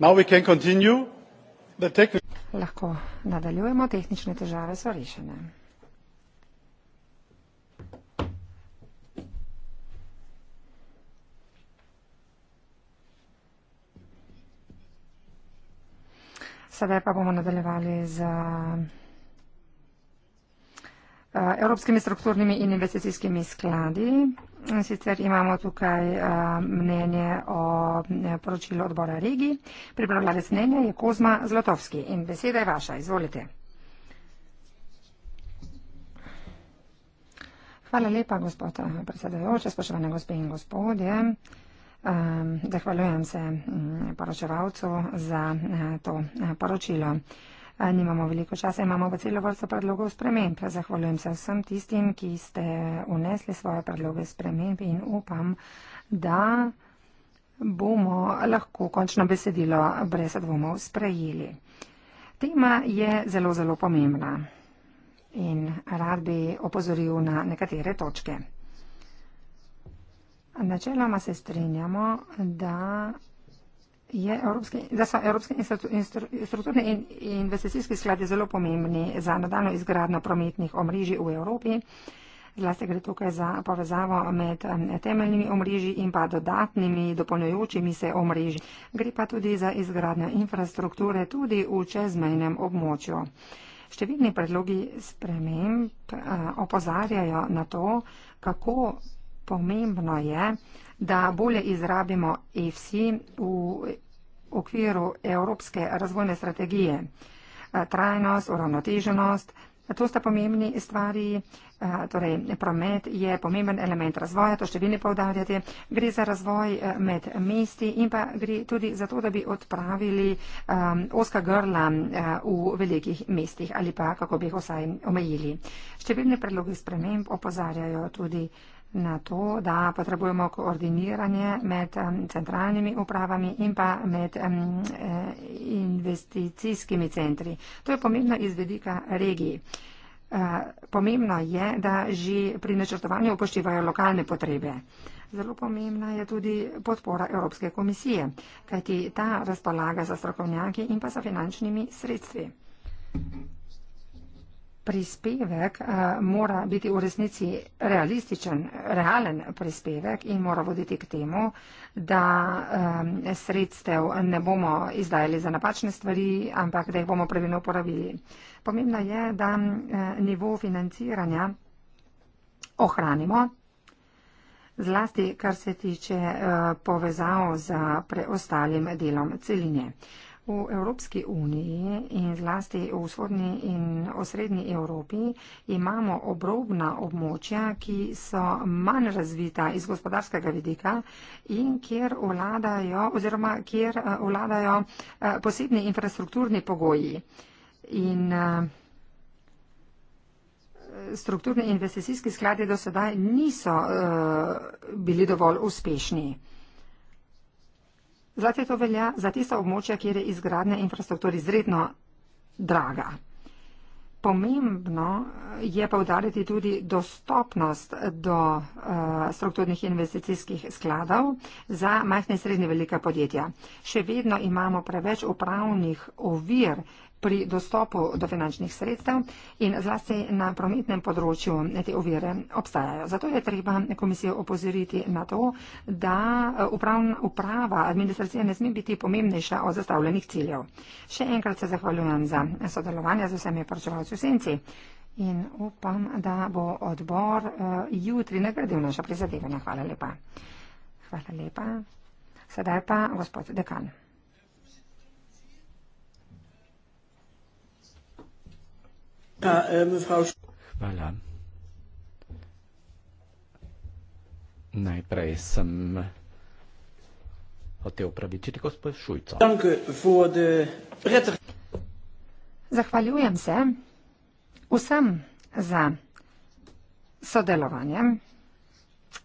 Now we can continue. The techni- Lahko nadaljujemo, tehnične težave so rešene. Sedaj pa bomo nadaljevali z evropskimi strukturnimi in investicijskimi skladi. Sicer imamo tukaj eh, mnenje o eh, poročilu odbora Regi. Pripravljalec mnenja je Kozma Zlotovski in beseda je vaša. Izvolite. Hvala lepa, gospod eh, predsedajoče, spoštovane gospe in gospodje. Ehm, zahvaljujem se mm, poročevalcu za to poročilo. Eh, nimamo veliko časa, imamo pa celo vrsto predlogov sprememb. Zahvaljujem se vsem tistim, ki ste unesli svoje predloge sprememb in upam, da bomo lahko končno besedilo brez dvomov sprejeli. Tema je zelo, zelo pomembna in rad bi opozoril na nekatere točke. Načeloma se strinjamo, da Je evropske, da so evropske strukturne in investicijske sklade zelo pomembni za nadaljno izgradno prometnih omrežij v Evropi. Zlasti gre tukaj za povezavo med temeljnimi omrežji in pa dodatnimi, dopolnjujočimi se omrežji. Gre pa tudi za izgradnjo infrastrukture tudi v čezmejnem območju. Številni predlogi sprememb eh, opozarjajo na to, kako pomembno je, da bolje izrabimo EFSI v okviru Evropske razvojne strategije. Eh, trajnost, uravnoteženost, to sta pomembni stvari, eh, torej promet je pomemben element razvoja, to številni povdarjate, gre za razvoj eh, med mesti in pa gre tudi za to, da bi odpravili um, ehm, oska grla v velikih mestih ali pa kako bi jih vsaj omejili. Številni predlogi sprememb opozarjajo tudi na to, da potrebujemo koordiniranje med centralnimi upravami in pa med eh, investicijskimi centri. To je pomembno izvedika regiji. Eh, pomembno je, da že pri načrtovanju upoštevajo lokalne potrebe. Zelo pomembna je tudi podpora Evropske komisije, kajti ta razpolaga za strokovnjaki in pa za finančnimi sredstvi prispevek eh, mora biti v resnici realističen, realen prispevek in mora voditi k temu, da eh, sredstev ne bomo izdajali za napačne stvari, ampak da jih bomo pravilno uporabili. Pomembno je, da eh, nivo financiranja ohranimo. Zlasti, kar se tiče povezav z preostalim delom celine. V Evropski uniji in zlasti v vzhodni in osrednji Evropi imamo obrobna območja, ki so manj razvita iz gospodarskega vidika in kjer vladajo, oziroma kjer eh, vladajo eh, posebni infrastrukturni pogoji. In eh, strukturni investicijski skladi do sedaj niso bili dovolj uspešni. Zlate to velja za tista območja, kjer je izgradnja infrastrukture izredno draga. Pomembno je pa udariti tudi dostopnost do uh, strukturnih investicijskih skladov za majhne in srednje velika podjetja. Še vedno imamo preveč upravnih ovir uh, pri dostopu do finančnih sredstev in zlasti na prometnem področju te ovire obstajajo. Zato je treba komisijo opozoriti na to, da eh, upravna, uprava administracije ne sme biti pomembnejša od zastavljenih ciljev. Še enkrat se zahvaljujem za sodelovanje z vsemi pričevalci v senci in upam, da bo odbor eh, jutri nagradil naša prizadevanja. Hvala lepa. Hvala lepa. Sedaj pa gospod dekan. Ja, äh, mevrouw. Voilà. Najprej sem hotel pravičiti gospod Šujco. Zahvaljujem se vsem za sodelovanje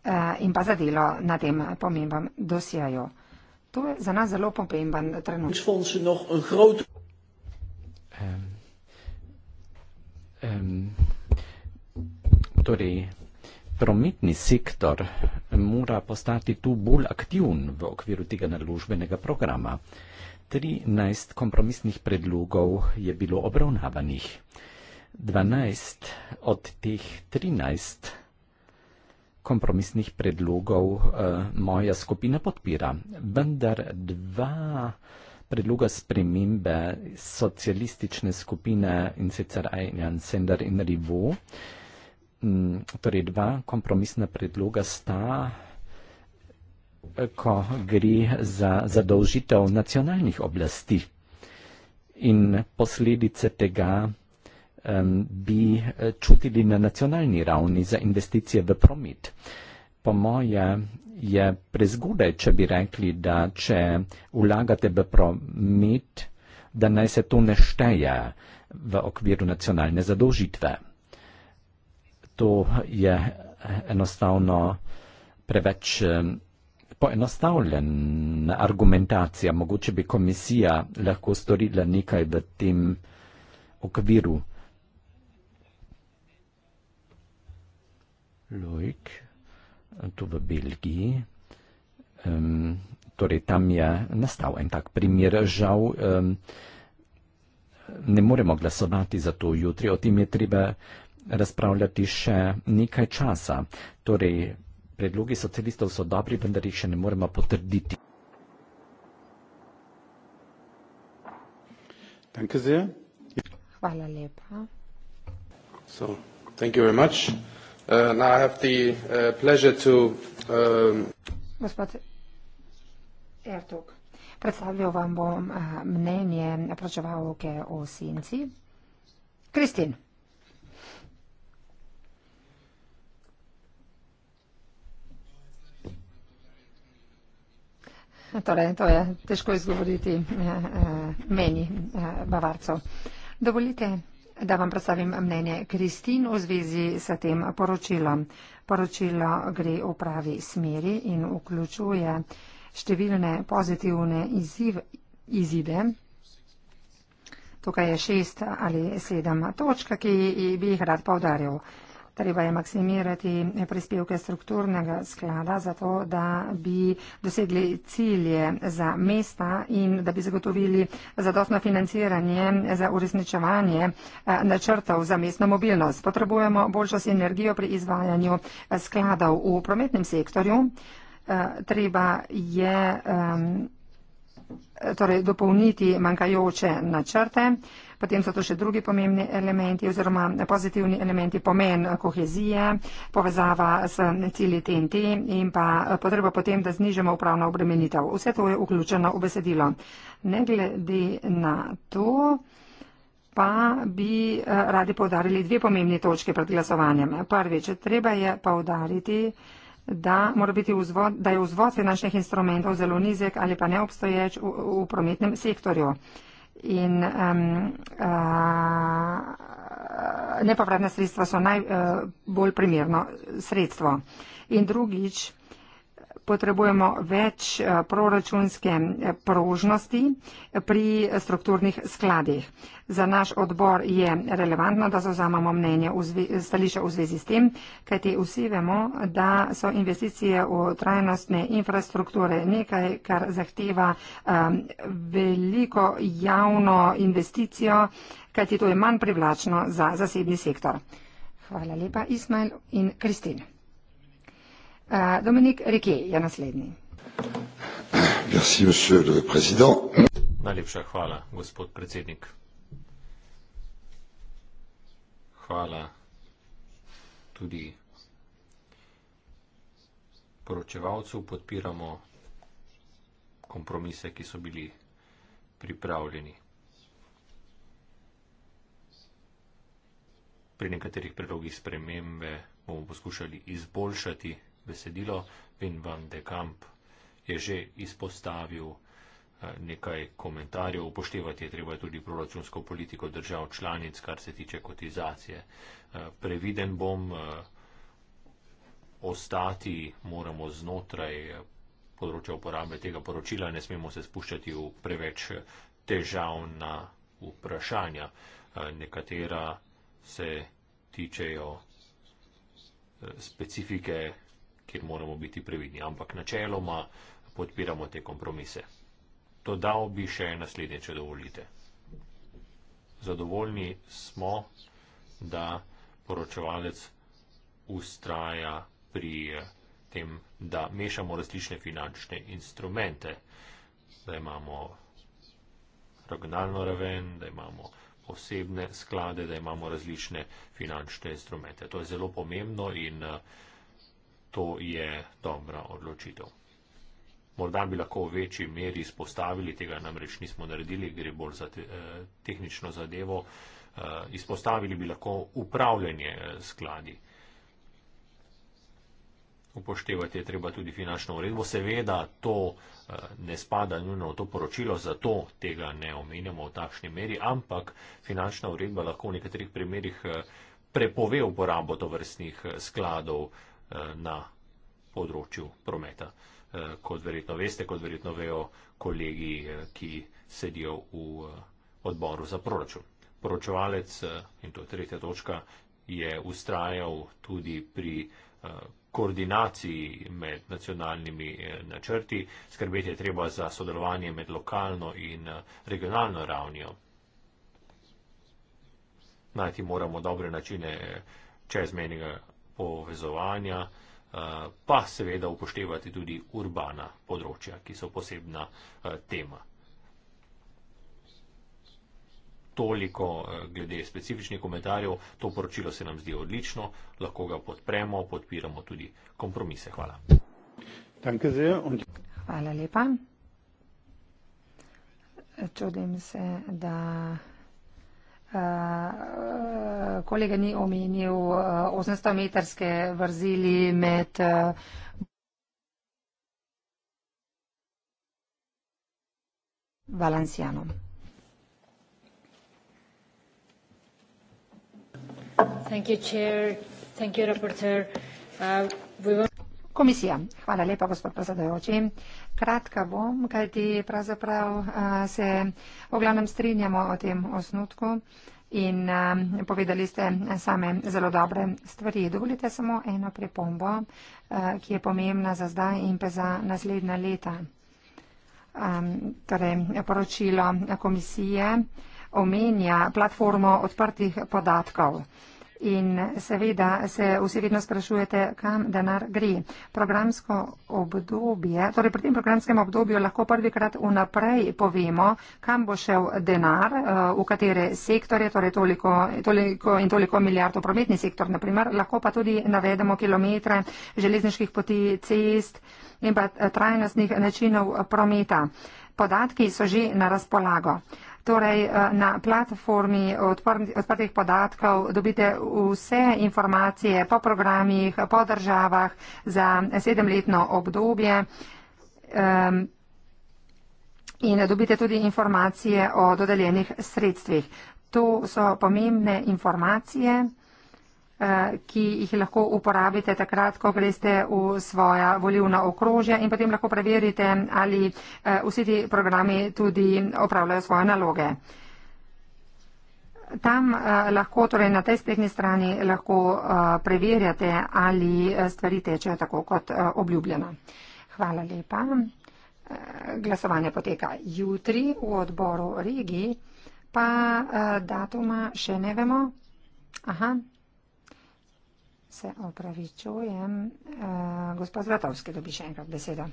eh, in pa za delo na tem pomembnem dosjaju. To je za nas zelo pomemben trenutek. Um. Um, torej, prometni sektor mora postati tu bolj aktiven v okviru tega naložbenega programa. 13 kompromisnih predlogov je bilo obravnavanih. 12 od teh 13 kompromisnih predlogov uh, moja skupina podpira, vendar dva predloga spremembe socialistične skupine in sicer Ejan Sender in Rivo. Mm, torej dva kompromisna predloga sta, ko gre za zadolžitev nacionalnih oblasti in posledice tega um, bi čutili na nacionalni ravni za investicije v promet. Um, po moje je prezgodaj, če bi rekli, da če vlagate v promet, da naj se to ne šteje v okviru nacionalne zadolžitve. To je enostavno preveč poenostavljena argumentacija. Mogoče bi komisija lahko storila nekaj v tem okviru. Loik tu v Belgiji. Um, torej, tam je nastal en tak primer. Žal um, ne moremo glasovati za to jutri, o tem je treba razpravljati še nekaj časa. Torej, predlogi socialistov so dobri, vendar jih še ne moremo potrditi. Hvala lepa. So, thank you very much. Uh, now I have the uh, pleasure to. Um... Gospod Ertug, predstavil vam bom uh, mnenje pročevalke o senci. Kristin. Torej, to je težko izgovoriti uh, uh, meni, bavarcov. Dovolite da vam predstavim mnenje Kristin v zvezi s tem poročilom. Poročilo gre v pravi smeri in vključuje številne pozitivne izziv, izide. Tukaj je šest ali sedem točk, ki bi jih rad povdarjal. Treba je maksimirati prispevke strukturnega sklada za to, da bi dosegli cilje za mesta in da bi zagotovili zadostno financiranje za uresničevanje eh, načrtov za mestno mobilnost. Potrebujemo boljšo sinergijo pri izvajanju eh, skladov v prometnem sektorju. Eh, treba je. Um, torej dopolniti manjkajoče načrte. Potem so to še drugi pomembni elementi oziroma pozitivni elementi pomen kohezije, povezava s cilji TNT in pa potreba potem, da znižemo upravno obremenitev. Vse to je vključeno v besedilo. Ne glede na to pa bi eh, radi povdarili dve pomembni točke pred glasovanjem. Prvič, treba je povdariti, da, mora biti vzvod, da je vzvod finančnih instrumentov zelo nizek ali pa neobstoječ v, v prometnem sektorju. In um, uh, nepovratna sredstva so najbolj eh, uh, primerno sredstvo. In drugič, potrebujemo več eh, proračunske eh, prožnosti pri strukturnih skladih. Za naš odbor je relevantno, da zauzamamo mnenje stališča v zvezi s tem, kajti vsi vemo, da so investicije v trajnostne infrastrukture nekaj, kar zahteva um, veliko javno investicijo, kajti to je manj privlačno za zasebni sektor. Hvala lepa, Ismail in Kristin. Eh, Dominik Riki je naslednji. Merci, Najlepša hvala, gospod predsednik. Hvala tudi poročevalcu. Podpiramo kompromise, ki so bili pripravljeni. Pri nekaterih predlogih spremembe bomo poskušali izboljšati besedilo Pin van de Kamp je že izpostavil eh, nekaj komentarjev. Upoštevati je treba tudi proračunsko politiko držav članic, kar se tiče kotizacije. Eh, previden bom eh, ostati, moramo znotraj področja uporabe tega poročila, ne smemo se spuščati v preveč težav na vprašanja. Nekatera se tičejo specifike kjer moramo biti previdni. Ampak načeloma podpiramo te kompromise. Dodal bi še naslednje, če dovolite. Zadovoljni smo, da poročevalec ustraja pri tem, da mešamo različne finančne instrumente, da imamo regionalno raven, da imamo posebne sklade, da imamo različne finančne instrumente. To je zelo pomembno in uh, to je dobra odločitev. Morda bi lahko v večji meri izpostavili, tega namreč nismo naredili, gre bolj za te, eh, tehnično zadevo, eh, izpostavili bi lahko upravljanje eh, skladi. Upoštevati je treba tudi finančno uredbo. Seveda to eh, ne spada nujno v to poročilo, zato tega ne omenjamo v takšni meri, ampak finančna uredba lahko v nekaterih primerjih eh, prepove uporabo tovrstnih eh, skladov, Eh, na področju prometa. Eh, kot verjetno veste, kot verjetno vejo kolegi, eh, ki sedijo v odboru za proračun. Poročevalec, in to je tretja točka, je ustrajal tudi pri koordinaciji med nacionalnimi načrti, skrbeti je treba za sodelovanje med lokalno in regionalno ravnjo. Najti moramo dobre načine čezmenjega povezovanja, eh, pa seveda upoštevati tudi urbana področja, ki so posebna eh, tema. Toliko eh, glede specifičnih komentarjev, to poročilo se nam zdi odlično, lahko ga podpremo, podpiramo tudi kompromise. Hvala. Hvala lepa. Čudim se, da. Eh, kolega ni omenil 800-metrske eh, vrzili med. Eh, Valencijanom. Uh, Komisija. Hvala lepa, gospod predsedajoči. Kratka bom, kajti pravzaprav eh, se v glavnem strinjamo o tem osnutku in eh, povedali ste same zelo dobre stvari. Dovolite samo eno pripombo, eh, ki je pomembna za zdaj in pa za naslednja leta. Ehm, torej, poročilo komisije omenja platformo odprtih podatkov. In seveda se vsi vedno sprašujete, kam denar gre. Programsko obdobje, torej pri tem programskem obdobju lahko prvikrat vnaprej povemo, kam bo šel denar, eh, v katere sektore, torej toliko, toliko in toliko milijard v prometni sektor, naprimer, lahko pa tudi navedemo kilometre železniških poti, cest in pa eh, trajnostnih načinov prometa. Podatki so že na razpolago. Torej, eh, na platformi odprtih podatkov dobite vse informacije po programih, po državah za sedemletno obdobje. Um, In dobite tudi informacije o dodeljenih sredstvih. To so pomembne informacije ki jih lahko uporabite takrat, ko greste v svoja volivna okrožja in potem lahko preverite, ali eh, vsi ti programi tudi opravljajo svoje naloge. Tam eh, lahko, torej na tej spletni strani, lahko eh, preverjate, ali eh, stvari tečejo tako, kot eh, obljubljeno. Hvala lepa. Eh, glasovanje poteka jutri v odboru regiji, pa eh, datuma še ne vemo. Aha. Se opravičujem. Uh, gospod Zlatovski, dobi še enkrat besedo.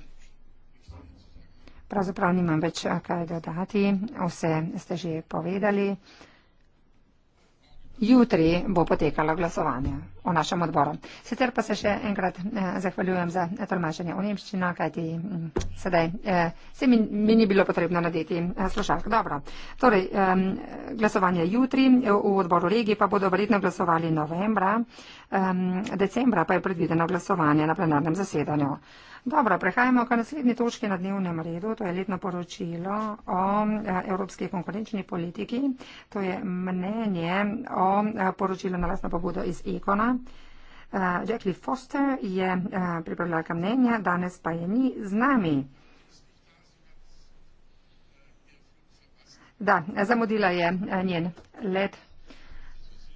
Pravzaprav nimam več eh, kaj dodati. Vse ste že povedali. Uh, Jutri bo potekalo glasovanje v našem odboru. Sicer pa se še enkrat eh, zahvaljujem za tolmačenje v Nemščino, kajti hm, sedaj eh, se mi, mi ni bilo potrebno nadeti eh, slušalk. Dobro, torej eh, glasovanje jutri eh, v odboru regije pa bodo verjetno glasovali novembra, eh, decembra pa je predvideno glasovanje na plenarnem zasedanju. Eh, Dobro, prehajamo k naslednji točki na dnevnem redu, to je letno poročilo o eh, evropski konkurenčni politiki, to je mnenje o eh, poročilu na lastno pobudo iz Ekona. Eh, Jackie Foster je pripravljala mnenja, danes pa je ni z nami. Da, zamudila je njen let.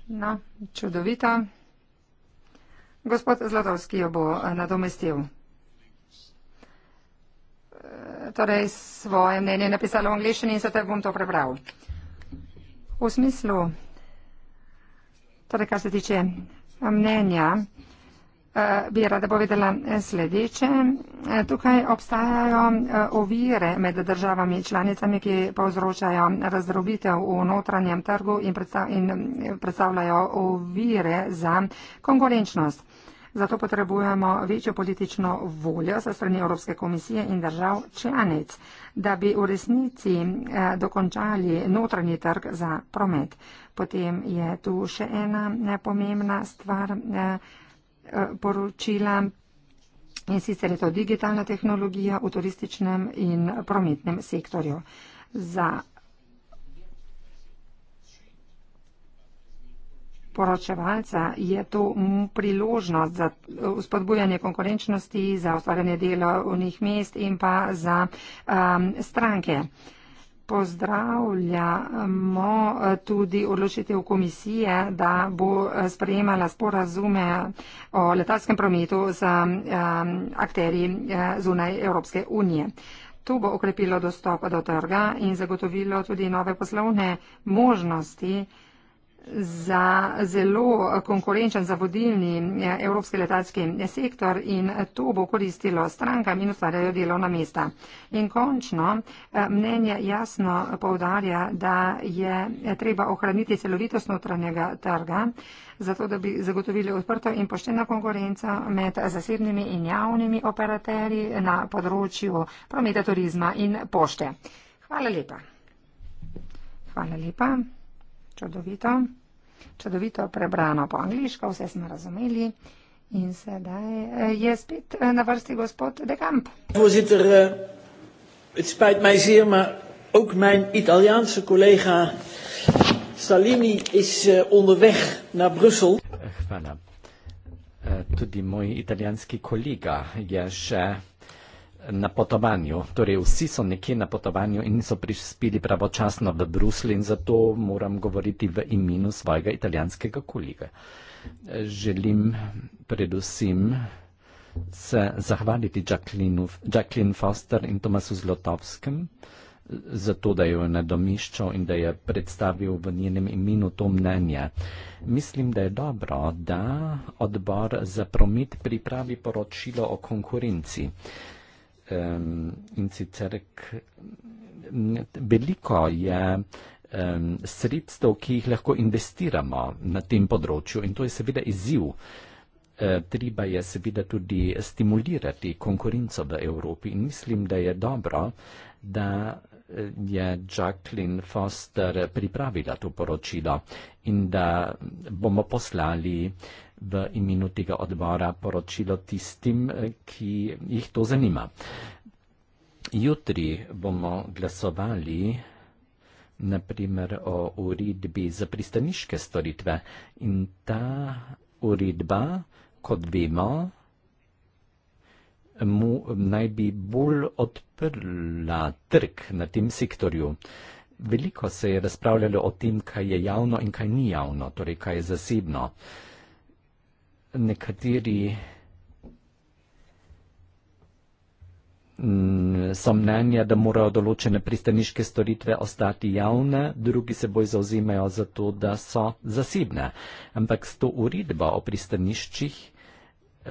No, čudovito. Gospod Zlodovski jo bo nadomestil torej svoje mnenje napisala v angliščini in zato bom to prebral. V smislu, torej kar se tiče mnenja, eh, bi rada povedala sledeče. Eh, tukaj obstajajo eh, ovire med državami članicami, ki povzročajo razdrobitev v notranjem trgu in predstavljajo ovire za konkurenčnost. Zato potrebujemo večjo politično voljo za strani Evropske komisije in držav članic, da bi v resnici eh, dokončali notranji trg za promet. Potem je tu še ena pomembna stvar eh, eh, poročila. In sicer je to digitalna tehnologija v turističnem in prometnem sektorju. Za poročevalca je to priložnost za eh, spodbujanje konkurenčnosti, za ustvarjanje delovnih mest in pa za um, stranke. Pozdravljamo eh, tudi odločitev komisije, da bo eh, sprejemala sporazume o letalskem prometu z um, ehm, akteri zunaj Evropske unije. Tu bo okrepilo dostop do trga in zagotovilo tudi nove poslovne možnosti za zelo konkurenčen, za vodilni eh, evropski letalski sektor in to bo koristilo strankam in ustvarjajo delovna mesta. In končno eh, mnenje jasno povdarja, da je eh, treba ohraniti celovitost notranjega trga, zato da bi zagotovili odprto in pošteno konkurenco med zasebnimi in javnimi operaterji na področju prometa, turizma in pošte. Hvala lepa. Hvala lepa. Čudovito. Čudovito prebrano po angliško, vse smo razumeli. In sedaj e, je spet e, na vrsti gospod De Camp. Voorzitter, e, het spijt mij zeer, maar ook mijn Italiaanse collega Salini is onderweg naar Brussel. Hvala. Tudi moj italijanski kolega je še na potovanju, torej vsi so nekje na potovanju in niso prispeli pravočasno v Bruslj in zato moram govoriti v imenu svojega italijanskega kolega. Želim predvsem se zahvaliti Jacqueline, Jacqueline Foster in Tomasu Zlotovskem za to, da jo je nadomiščal in da je predstavil v njenem imenu to mnenje. Mislim, da je dobro, da odbor za promet pripravi poročilo o konkurenci um, in sicer k, veliko je um, sredstev, ki jih lahko investiramo na tem področju in to je seveda izziv. E, treba je seveda tudi stimulirati konkurenco v Evropi in mislim, da je dobro, da e, je Jacqueline Foster pripravila to poročilo in da bomo poslali v imenu tega odbora poročilo tistim, eh, ki jih to zanima. Jutri bomo glasovali naprimer o uredbi za pristaniške storitve in ta uredba, kot vemo, mu naj bi bolj odprla trg na tem sektorju. Veliko se je razpravljalo o tem, kaj je javno in kaj ni javno, torej kaj je zasebno nekateri mm, so mnenja, da morajo določene pristaniške storitve ostati javne, drugi se bolj zauzimajo za to, da so zasebne. Ampak s to uredbo o pristaniščih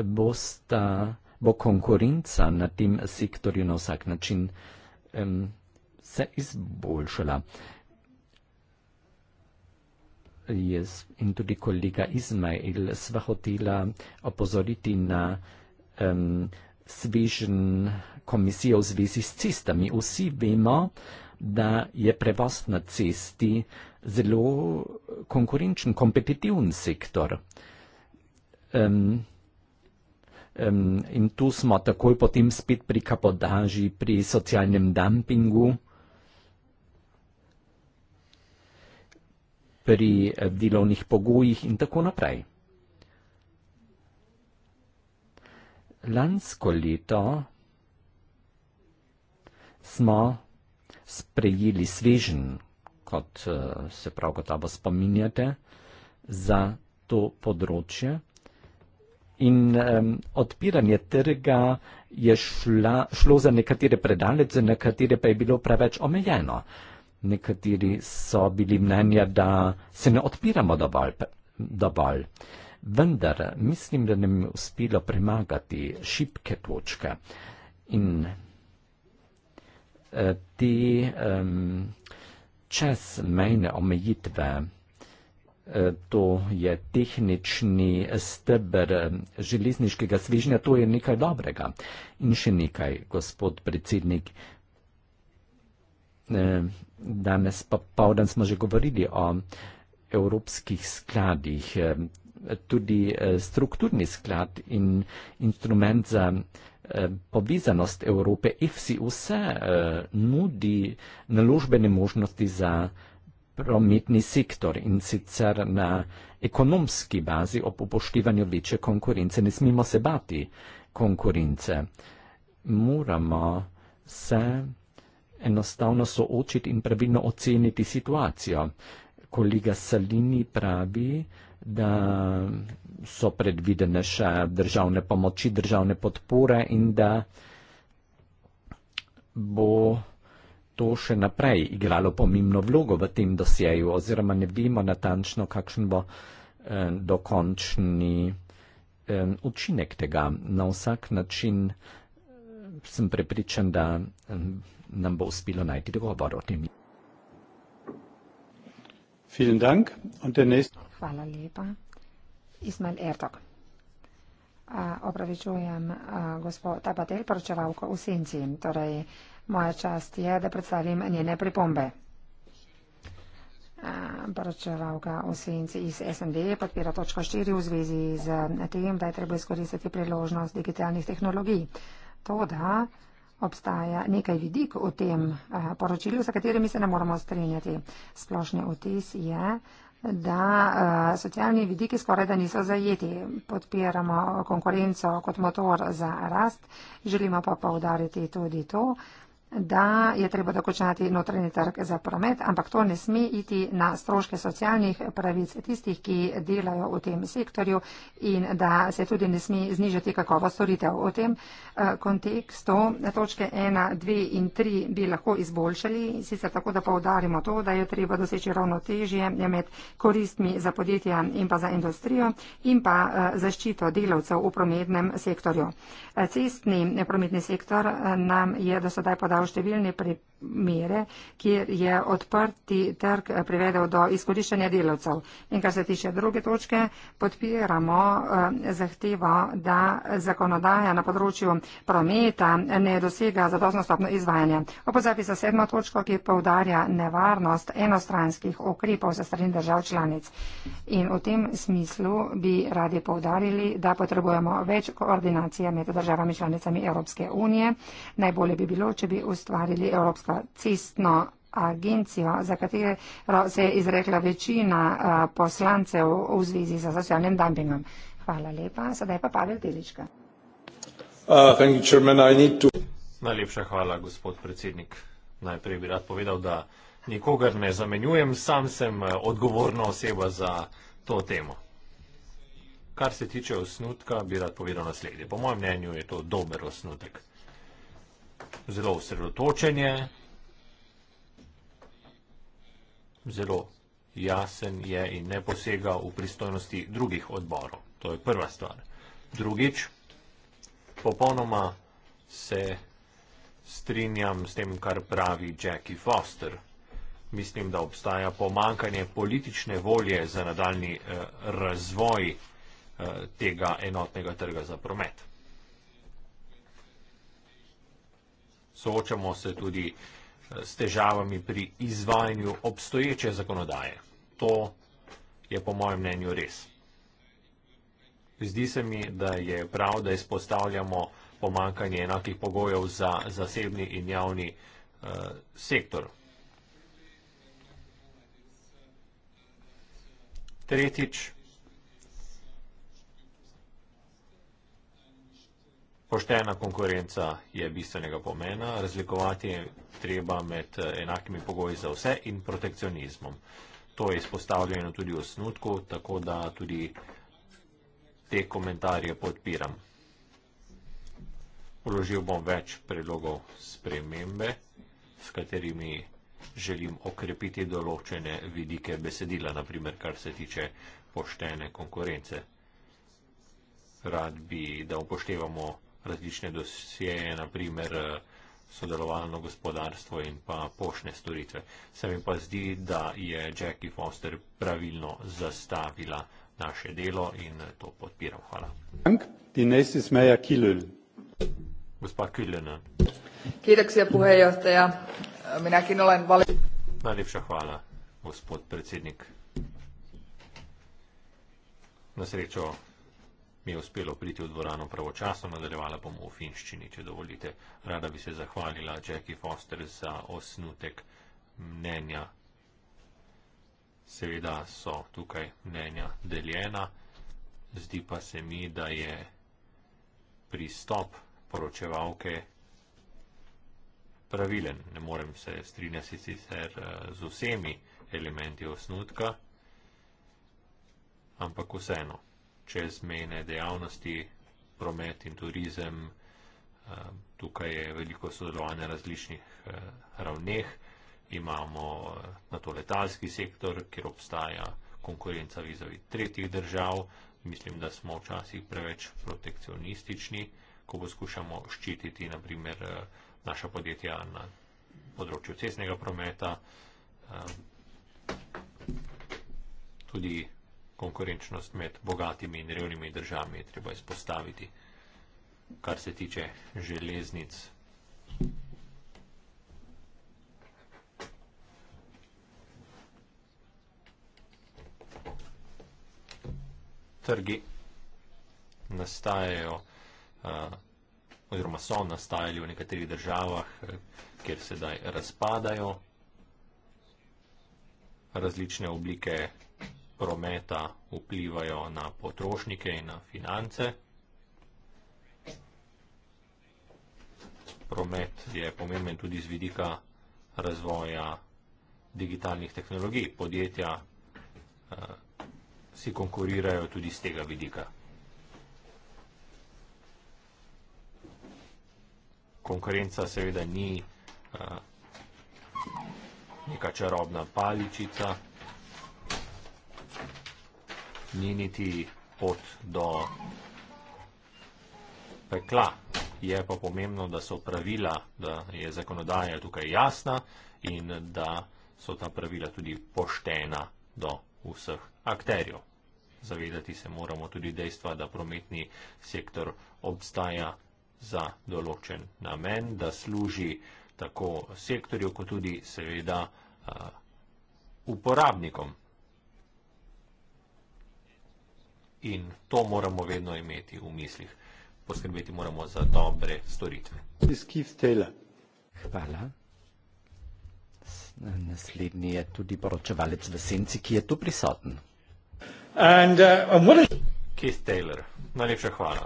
bo, sta, bo konkurenca na tem sektorju na vsak način um, se izboljšala jaz in tudi kolega Izmail sva hotela opozoriti na um, svežen komisijo v zvezi s cestami. Vsi vemo, da je prevoz na cesti zelo konkurenčen, kompetitiven sektor. Um, um, in tu smo takoj potem spet pri kapodaži, pri socialnem dumpingu. pri eh, delovnih pogojih in tako naprej. Lansko leto smo sprejeli svežen, kot eh, se prav gotovo spominjate, za to področje. In um, odpiranje trga je šla, šlo za nekatere predalece, nekatere pa je bilo preveč omejeno. Uh, nekateri so bili mnenja, da se ne odpiramo dovolj. dovolj. Vendar mislim, da nam je uspelo premagati šibke točke in eh, te um, čezmejne omejitve, eh, to je tehnični stebr eh, železniškega svežnja, to je nekaj dobrega. In še nekaj, gospod predsednik, Eh, danes pa povdan smo že govorili o evropskih skladih, eh, tudi eh, strukturni sklad in instrument za povezanost Evrope, EFSI, vse nudi naložbene možnosti za prometni sektor in sicer na ekonomski bazi ob upoštevanju večje konkurence. Ne smemo se bati konkurence. Moramo se enostavno soočiti in pravilno oceniti situacijo. Kolega Salini pravi, da so predvidene še državne pomoči, državne podpore in da bo to še naprej igralo pomembno vlogo v tem dosjeju oziroma ne vemo natančno, kakšen bo eh, dokončni eh, učinek tega. Na vsak način eh, sem prepričan, da. Eh, nam bo uspelo najti dogovor o tem. Hvala lepa. Ismail Ertok. Opravičujem gospod Tabatel, poročevalko v Senci. Torej, moja čast je, da predstavim njene pripombe. Poročevalka v Senci iz SND podpira točko 4 v zvezi z tem, da je treba izkoristiti priložnost digitalnih tehnologij. To, da obstaja nekaj vidik v tem eh, poročilu, za katerimi se ne moramo strinjati. Splošni vtis je, da eh, socialni vidiki skoraj da niso zajeti. Podpiramo konkurenco kot motor za rast, želimo pa poudariti tudi to, da je treba dokončati notranji trg za promet, ampak to ne sme iti na stroške socialnih pravic tistih, ki delajo v tem sektorju in da se tudi ne sme znižati kakova storitev. V tem eh, kontekstu točke 1, 2 in 3 bi lahko izboljšali, sicer tako, da povdarimo to, da je treba doseči ravno težje med koristmi za podjetja in pa za industrijo in pa eh, zaščito delavcev v prometnem sektorju. Eh, cestni prometni sektor nam je do sedaj podal so številni pri mere, kjer je odprti trg privedel do izkoriščanja delavcev. In kar se tiče druge točke, podpiramo eh, zahtevo, da zakonodaja na področju prometa ne dosega zadostno stopno izvajanja. Opozorili so sedmo točko, ki povdarja nevarnost enostranskih ukrepov za strani držav članic. In v tem smislu bi radi povdarili, da potrebujemo več koordinacije med državami članicami Evropske unije. Najbolje bi bilo, če bi ustvarili Evropsko gospodarstva, cestno agencijo, za katero se je izrekla večina eh, poslancev v zvezi z socialnim dumpingom. Hvala lepa, sedaj pa Pavel Telička. Uh, to... Najlepša hvala, gospod predsednik. Najprej bi rad povedal, da nikogar ne zamenjujem, sam sem eh, odgovorna oseba za to temo. Kar se tiče osnutka, bi rad povedal naslednje. Po mojem mnenju je to dober osnutek zelo osredotočenje, zelo jasen je in ne posega v pristojnosti drugih odborov. To je prva stvar. Drugič, popolnoma se strinjam s tem, kar pravi Jackie Foster. Mislim, da obstaja pomankanje politične volje za nadaljni eh, razvoj eh, tega enotnega trga za promet. soočamo se tudi eh, s težavami pri izvajanju obstoječe zakonodaje. To je po mojem mnenju res. Zdi se mi, da je prav, da izpostavljamo pomankanje enakih pogojev za zasebni in javni uh, sektor. Tretjič, Poštena konkurenca je bistvenega pomena, razlikovati je treba med eh, enakimi pogoji za vse in protekcionizmom. To je izpostavljeno tudi v snutku, tako da tudi te komentarje podpiram. Uložil bom več predlogov spremembe, s katerimi želim okrepiti določene vidike besedila, naprimer kar se tiče poštene konkurence. Rad bi, da upoštevamo vsega, različne dosjeje, naprimer eh, sodelovalno gospodarstvo in pa pošne storitve. Se mi pa zdi, da je Jackie Foster pravilno zastavila naše delo in eh, to podpiram. Hvala. Gospa Kiljana. Kiitoksia puheenjohtaja. Minäkin olen valittu. Najlepša hvala, gospod predsednik. Na srečo mi je uspelo priti v dvorano pravočasno, nadaljevala bomo v finščini, če dovolite. Rada bi se zahvalila Jackie Foster za osnutek mnenja. Seveda so tukaj mnenja deljena, zdi pa se mi, da je pristop poročevalke pravilen. Ne morem se strinjati sicer eh, z vsemi elementi osnutka, ampak vseeno čezmejne dejavnosti, promet in turizem. Eh, tukaj je veliko sodelovanja na različnih eh, ravneh. Imamo eh, na to letalski sektor, kjer obstaja konkurenca vizavi tretjih držav. Mislim, da smo včasih preveč protekcionistični, ko poskušamo ščititi naprimer naša podjetja na področju cestnega prometa. Tudi konkurenčnost med bogatimi in revnimi državami je treba izpostaviti, kar se tiče železnic. Trgi nastajajo eh, oziroma so nastajali v nekaterih državah, eh, kjer sedaj razpadajo različne oblike trgi prometa vplivajo na potrošnike in na finance. Promet je pomemben tudi z vidika razvoja digitalnih tehnologij. Podjetja eh, si konkurirajo tudi z tega vidika. Konkurenca seveda ni eh, neka čarobna paličica ni niti pot do pekla. Je pa pomembno, da so pravila, da je zakonodaja tukaj jasna in da so ta pravila tudi poštena do vseh akterjev. Zavedati se moramo tudi dejstva, da prometni sektor obstaja za določen namen, da služi tako sektorju, kot tudi seveda eh, uporabnikom. In to moramo vedno imeti v mislih. Poskrbeti moramo za dobre storitve. Hvala. Naslednji je tudi poročevalec v senci, ki je tu prisoten. And, uh, is... Keith Taylor, najlepša hvala.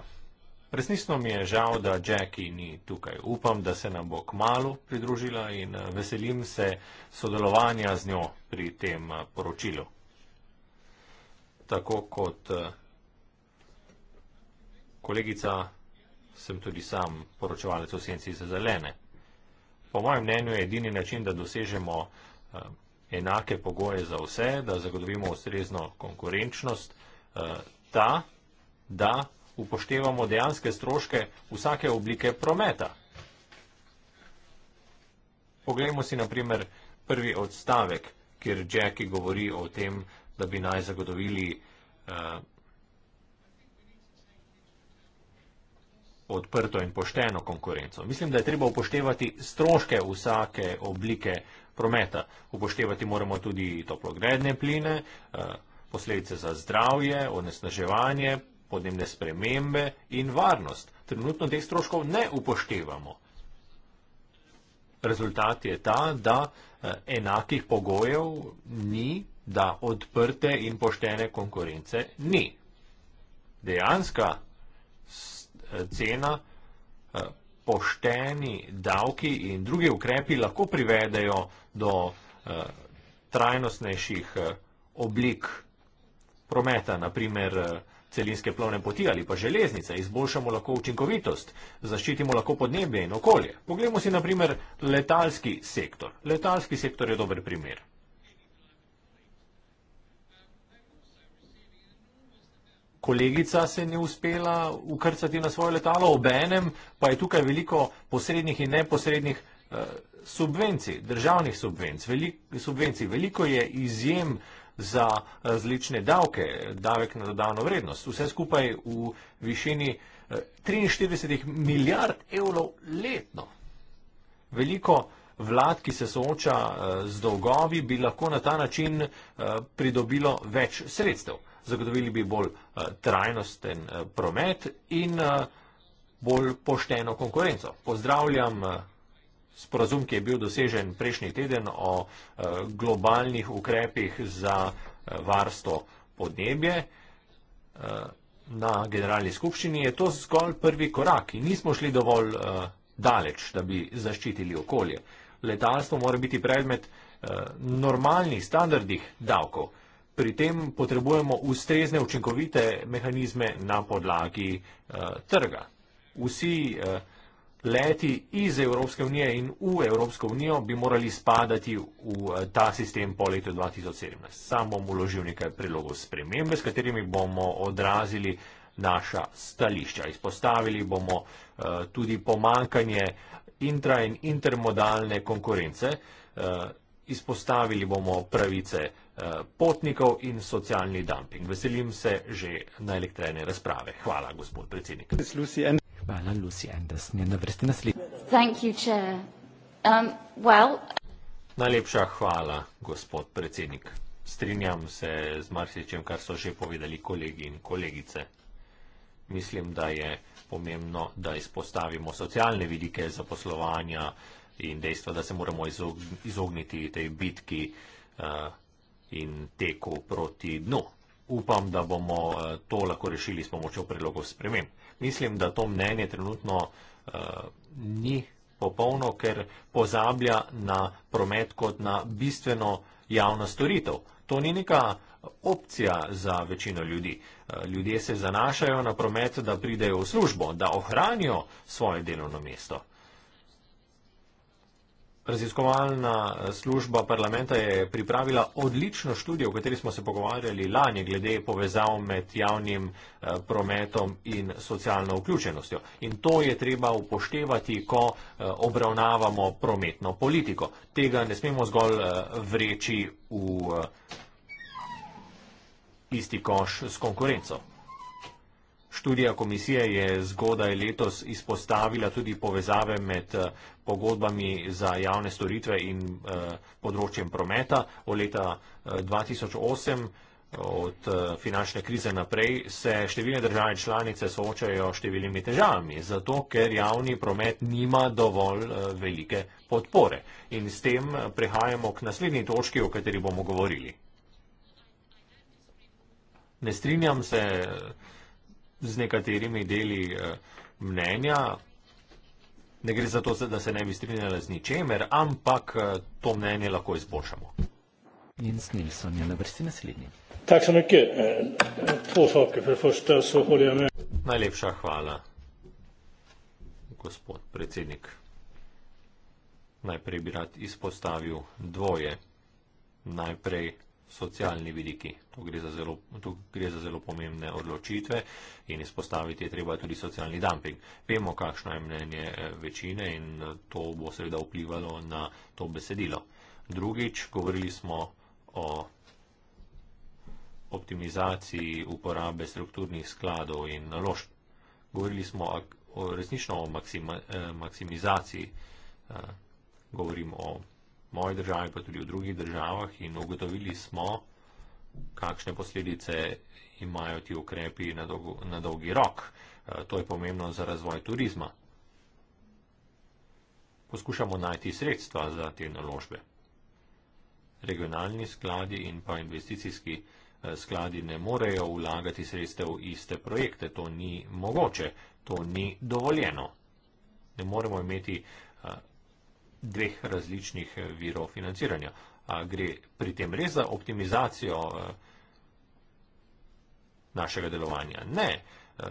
Resnično mi je žal, da Jackie ni tukaj. Upam, da se nam bo k malu pridružila in uh, veselim se sodelovanja z njo pri tem uh, poročilu. Tako kot uh, kolegica, sem tudi sam poročevalec v senci za zelene. Po mojem mnenju je edini način, da dosežemo eh, enake pogoje za vse, da zagotovimo ustrezno konkurenčnost, eh, ta, da upoštevamo dejanske stroške vsake oblike prometa. Poglejmo si na primer prvi odstavek, kjer Jackie govori o tem, da bi naj zagotovili eh, odprto in pošteno konkurenco. Mislim, da je treba upoštevati stroške vsake oblike prometa. Upoštevati moramo tudi toplogredne pline, eh, posledice za zdravje, onesnaževanje, podnebne spremembe in varnost. Trenutno teh stroškov ne upoštevamo. Rezultat je ta, da eh, enakih pogojev ni, da odprte in poštene konkurence ni. Dejanska cena, eh, pošteni davki in drugi ukrepi lahko privedejo do eh, trajnostnejših eh, oblik prometa, naprimer celinske plovne poti ali pa železnice, izboljšamo lahko učinkovitost, zaščitimo lahko podnebje in okolje. Poglejmo si naprimer letalski sektor. Letalski sektor je dober primer. kolegica se ni uspela ukrcati na svoje letalo, obenem pa je tukaj veliko posrednih in neposrednih eh, subvencij, državnih subvenc, velik, subvencij. Veliko je izjem za različne davke, davek na dodano vrednost, vse skupaj v višini eh, 43 milijard evrov letno. Veliko vlad, ki se sooča eh, z dolgovi, bi lahko na ta način eh, pridobilo več sredstev zagotovili bi bolj eh, trajnosten eh, promet in eh, bolj pošteno konkurenco. Pozdravljam sporazum, ki je bil dosežen prejšnji teden o globalnih ukrepih za varstvo podnebje. Na generalni skupščini je to zgolj prvi korak in nismo šli dovolj daleč, da bi zaščitili okolje. Letalstvo mora biti predmet normalnih standardih davkov pri tem potrebujemo ustrezne učinkovite mehanizme na podlagi uh, trga. Vsi uh, leti iz Evropske unije in v Evropsko unijo bi morali spadati v uh, ta sistem po letu 2017. Sam bom uložil nekaj predlogov spremembe, s katerimi bomo odrazili naša stališča. Izpostavili bomo uh, tudi pomankanje intra in intermodalne konkurence. Uh, izpostavili bomo pravice uh, Eh, potnikov in socialni dumping. Veselim se že na elektrene razprave. Hvala, gospod predsednik. Hvala, Lucy Enders. Njen na vrsti naslednji. Um, well... Najlepša hvala, gospod predsednik. Strinjam se z marsičem, kar so že povedali kolegi in kolegice. Mislim, da je pomembno, da izpostavimo socialne vidike zaposlovanja in dejstva, da se moramo izogniti tej bitki. Uh, in teku proti dnu. Upam, da bomo eh, to lahko rešili s pomočjo predlogov sprememb. Mislim, da to mnenje trenutno uh, ni popolno, ker pozablja na promet kot na bistveno javno storitev. To ni neka opcija za večino ljudi. Eh, ljudje se zanašajo na promet, da pridejo v službo, da ohranijo svoje delovno mesto. Raziskovalna eh, služba parlamenta je pripravila odlično študijo, o kateri smo se pogovarjali lani, glede povezav med javnim eh, prometom in socialno vključenostjo. In to je treba upoštevati, ko eh, obravnavamo prometno politiko. Tega ne smemo zgolj vreči v isti koš s konkurencov. Študija komisije je zgodaj letos izpostavila tudi povezave med eh, pogodbami za javne storitve in eh, področjem prometa. Od leta 2008, eh, od finančne krize naprej, se številne države članice soočajo številnimi težavami, zato ker javni promet nima dovolj velike podpore. In s tem prehajamo k naslednji točki, o kateri bomo govorili. Ne strinjam se z nekaterimi deli eh, mnenja. Ne gre za to, da se ne bi strinjala z ničemer, ampak eh, to mnenje lahko izboljšamo. In s Nilsom je na vrsti naslednji. Eh, Najlepša hvala, gospod predsednik. Najprej bi rad izpostavil dvoje. Najprej socialni vidiki. Tu gre, zelo, tu gre za zelo pomembne odločitve in izpostaviti je treba tudi socialni dumping. Vemo, kakšno je mnenje eh, večine in eh, to bo seveda vplivalo na to besedilo. Drugič, govorili smo o optimizaciji uporabe strukturnih skladov in naložb. Govorili smo o, resnično o maksima, eh, maksimizaciji, govorim o moji državi, pa tudi v drugih državah in ugotovili smo, kakšne posledice imajo ti ukrepi na, dolgo, na dolgi rok. E, to je pomembno za razvoj turizma. Poskušamo najti sredstva za te naložbe. Regionalni skladi in pa investicijski eh, skladi ne morejo vlagati sredstev v iste projekte. To ni mogoče, to ni dovoljeno. Ne moremo imeti uh, dveh različnih eh, virov financiranja. A gre pri tem res za optimizacijo eh, našega delovanja? Ne. Eh,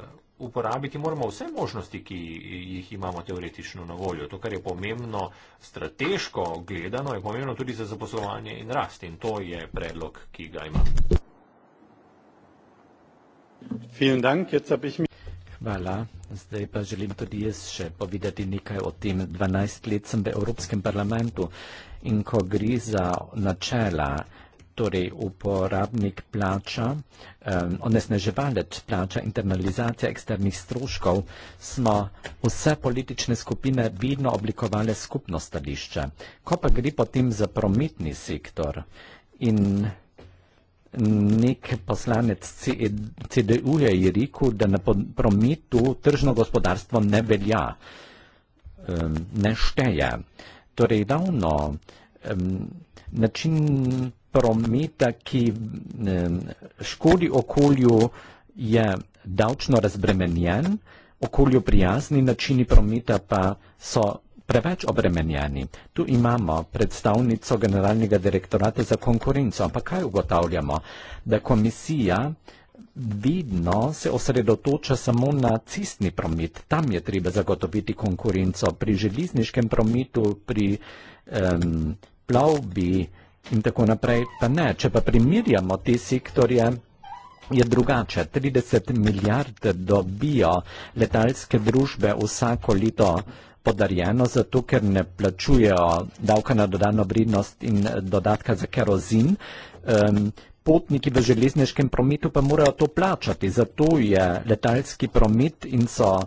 uporabiti moramo vse možnosti, ki jih imamo teoretično na voljo. To, kar je pomembno strateško gledano, je pomembno tudi za zaposlovanje in rast. In to je predlog, ki ga imam. Hvala. Hvala. Zdaj pa želim tudi jaz še povedati nekaj o tem. 12 let sem v Evropskem parlamentu in ko gre za načela, torej uporabnik plača, um, onesneževalec plača, internalizacija eksternih stroškov, smo vse politične skupine vidno oblikovali skupno stališče. Ko pa gre potem za prometni sektor in nek poslanec CDU-ja e, je rekel, da na prometu tržno gospodarstvo ne velja, ne šteje. Torej, ravno način prometa, ki škodi okolju, je davčno razbremenjen, okolju prijazni načini prometa pa so preveč obremenjeni. Tu imamo predstavnico generalnega direktorata za konkurenco, ampak kaj ugotavljamo? Da komisija vidno se osredotoča samo na cistni promet, tam je treba zagotoviti konkurenco, pri železniškem prometu, pri um, plavbi in tako naprej, pa ne. Če pa primirjamo te sektorje, je drugače. 30 milijard dobijo letalske družbe vsako leto podarjeno, zato ker ne plačujejo davka na dodano vrednost in eh, dodatka za kerozin. Um, Potniki v železniškem prometu pa morajo to plačati, zato je letalski promet in so uh,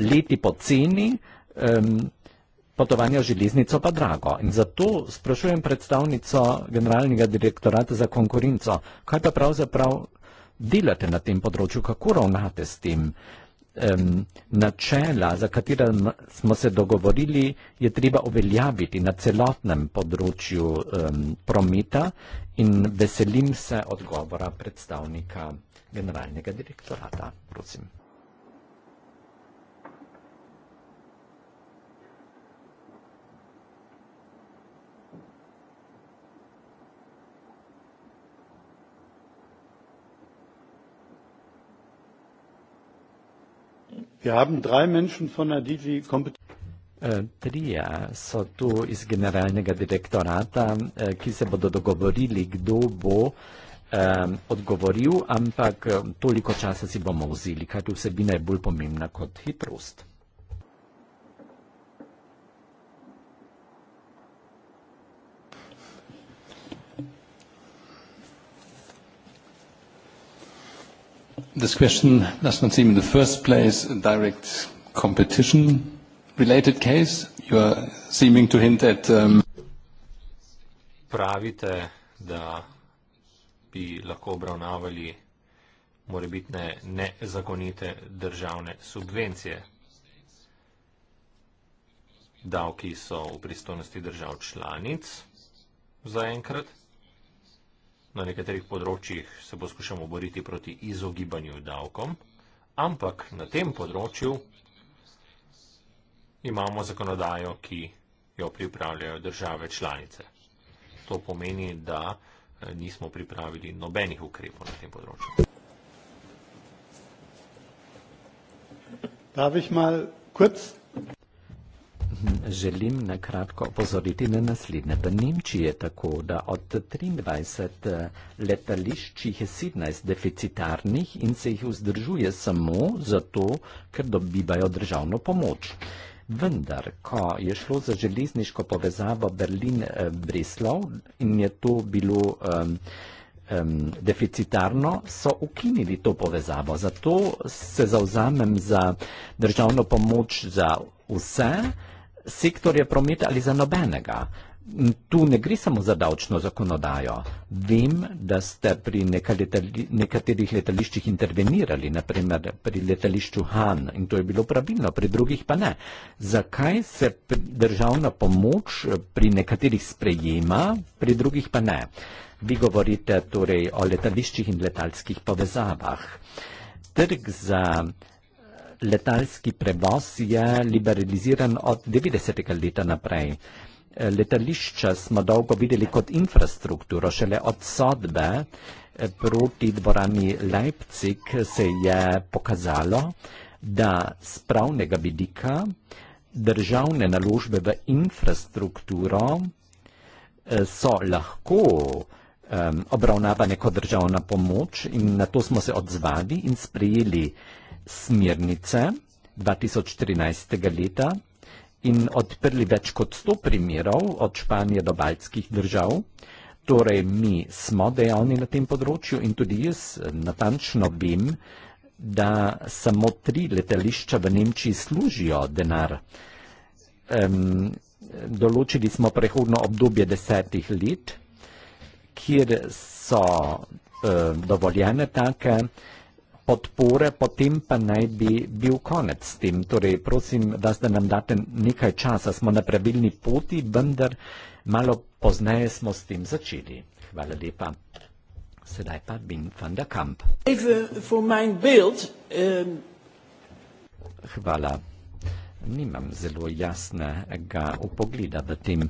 leti poceni, um, potovanje v železnico pa drago. In zato sprašujem predstavnico generalnega direktorata za konkurenco, kaj pa pravzaprav delate na tem področju, kako ravnate s tem uh, um, načela, za katera smo se dogovorili, je treba uveljaviti na celotnem področju um, prometa in veselim se odgovora predstavnika generalnega direktorata. Prosim. Wir haben drei Menschen von der DG Competition. E, trije so tu iz generalnega direktorata, e, ki se bodo dogovorili, kdo bo e, odgovoril, ampak toliko časa si bomo vzeli, kajti vsebina je bolj pomembna kot hitrost. This question does not seem, in the first place, a direct competition-related case. You are seeming to hint at. Um, Pravite, da bi lahko obravnavali morebitne nezakonite državne subvencije. Davki so v pristojnosti držav članic zaenkrat. Na nekaterih področjih se poskušamo boriti proti izogibanju davkom, ampak na tem področju imamo zakonodajo, ki jo pripravljajo države članice. To pomeni, da eh, nismo pripravili nobenih ukrepov na tem področju. Darf ich mal kurz želim na kratko opozoriti na naslednje. V Nemčiji je tako, da od 23 eh, letališč jih je 17 deficitarnih in se jih vzdržuje samo zato, ker dobivajo državno pomoč. Vendar, ko je šlo za železniško povezavo Berlin-Breslov in je to bilo um, um, deficitarno, so ukinili to povezavo. Zato se zauzamem za državno pomoč za vse sektorje promet ali za nobenega. Tu ne gre samo za davčno zakonodajo. Vem, da ste pri letali, nekaterih letališčih intervenirali, naprimer pri letališču Han in to je bilo pravilno, pri drugih pa ne. Zakaj se državna pomoč eh, pri nekaterih sprejema, pri drugih pa ne? Vi govorite torej o letališčih in letalskih povezavah. Trg za letalski prevoz je liberaliziran od 90. leta naprej. E, letališča smo dolgo videli kot infrastrukturo, šele od sodbe e, proti dvorani Leipzig se je pokazalo, da z pravnega vidika državne naložbe v infrastrukturo e, so lahko um, obravnavane kot državna pomoč in na to smo se odzvali in sprejeli uh, smernice 2013. leta in odprli več kot 100 primerov od Španije do baljskih držav. Torej, mi smo dejavni na tem področju in tudi jaz natančno vem, da samo tri letališča v Nemčiji služijo denar. Um, določili smo prehodno obdobje desetih let, kjer so uh, dovoljene take uh, podpore, potem pa naj bi bil konec s tem. Torej, prosim, da ste nam date nekaj časa, smo na pravilni poti, vendar malo pozneje smo s tem začeli. Hvala lepa. Sedaj pa Bin van der Kamp. Ehm, Hvala. Nimam zelo jasnega upogleda v tem.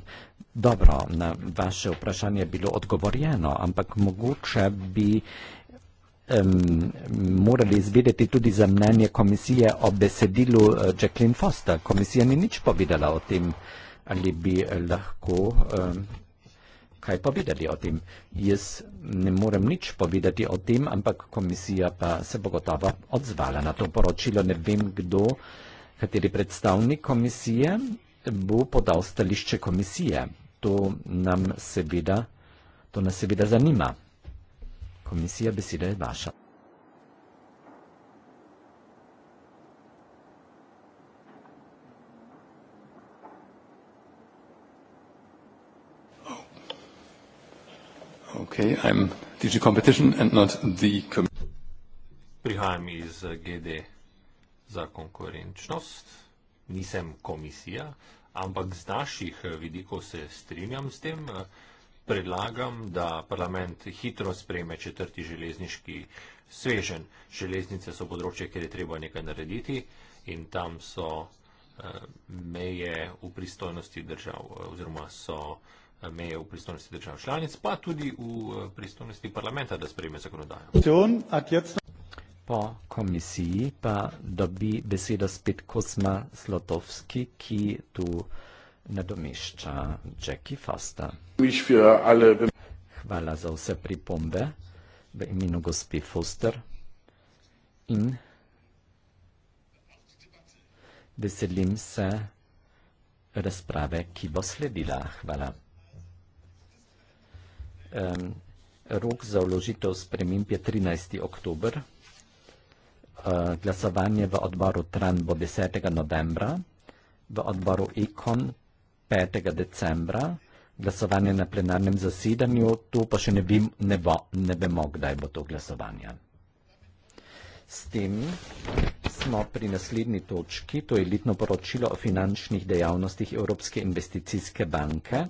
Dobro, na vaše vprašanje je bilo odgovorjeno, ampak mogoče bi um, morali izvedeti tudi za mnenje komisije o besedilu uh, Jacqueline Foster. Komisija ni nič povedala o tem, ali bi lahko um, kaj povedali o tem. Jaz ne morem nič povedati o tem, ampak komisija pa se bo gotovo odzvala na to poročilo. Ne vem, kdo, kateri predstavnik komisije bo podal stališče komisije. To nam seveda, to nas seveda zanima. Komisija beseda je vaša. Okay, I'm DG Competition and not the Prihajam iz GD za konkurenčnost, nisem komisija, ampak z naših vidikov se strinjam s tem. Uh, predlagam, da parlament hitro spreme četrti železniški svežen. Železnice so področje, kjer je treba nekaj narediti in tam so eh, meje v pristojnosti držav eh, oziroma so eh, meje v pristojnosti držav članic, pa tudi v pristojnosti parlamenta, da spreme zakonodajo. Po komisiji pa dobi besedo spet Kosma Slotovski, ki tu nadomešča Jackie Fosta. Hvala za vse pripombe v imenu gospe Foster in veselim se razprave, ki bo sledila. Hvala. Um, rok za vložitev sprememb je 13. oktober. Uh, glasovanje v odboru TRAN bo 10. novembra, v odboru ECON 5. decembra, glasovanje na plenarnem zasedanju, tu pa še ne, bi, ne, bo, ne bemo, kdaj bo to glasovanje. S tem smo pri naslednji točki, to je letno poročilo o finančnih dejavnostih Evropske investicijske banke.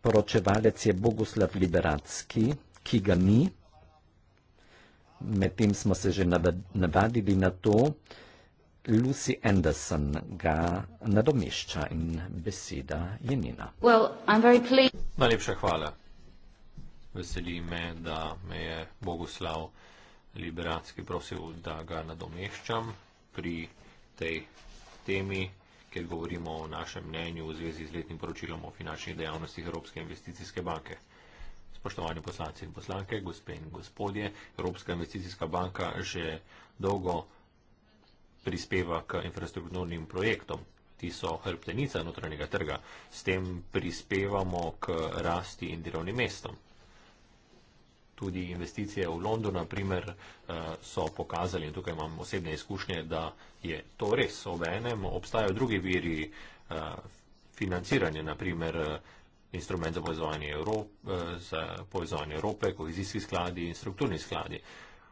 Poročevalec je Boguslav Liberacki, ki ga ni. Medtem smo se že navadili na to, Lucy Anderson ga nadomešča in beseda je njena. Well, Najlepša hvala. Veseli me, da me je Boguslav Liberacki prosil, da ga nadomeščam pri tej temi, ker govorimo o našem mnenju v zvezi z letnim poročilom o finančnih dejavnostih Evropske investicijske banke. Spoštovani poslanci in poslanke, gospe in gospodje, Evropska investicijska banka že dolgo prispeva k infrastrukturnim projektom. Ti so hrbtenica notranjega trga. S tem prispevamo k rasti in delovnim mestom. Tudi investicije v Londonu, naprimer, eh, so pokazali, in tukaj imam osebne izkušnje, da je to res. Ob enem obstajajo drugi viri eh, financiranja, naprimer eh, instrument za povezovanje Evrope, kohezijski skladi in strukturni skladi.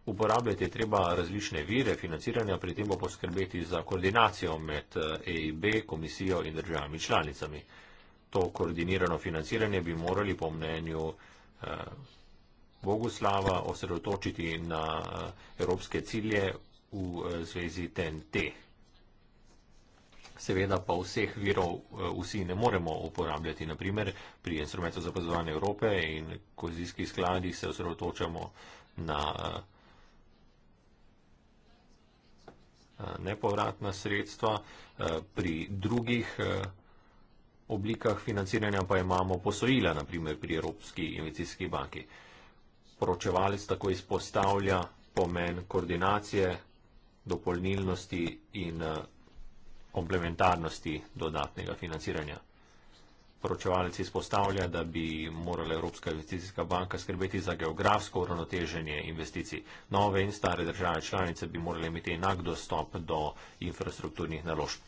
Uporabljati je treba različne vire financiranja, pri tem bo poskrbeti za koordinacijo med EIB, eh, e komisijo in državami članicami. To koordinirano financiranje bi morali po mnenju eh, Boguslava osredotočiti na eh, evropske cilje v eh, zvezi TNT. Seveda pa vseh virov eh, vsi ne moremo uporabljati. Naprimer, pri instrumentu za pozvanje Evrope in kozijskih skladih se osredotočamo na eh, nepovratna sredstva, pri drugih oblikah financiranja pa imamo posojila, naprimer pri Evropski investicijski banki. Poročevalec tako izpostavlja pomen koordinacije, dopolnilnosti in komplementarnosti dodatnega financiranja poročevalec izpostavlja, da bi morala Evropska investicijska banka skrbeti za geografsko uravnoteženje investicij. Nove in stare države članice bi morale imeti enak dostop do infrastrukturnih naložb.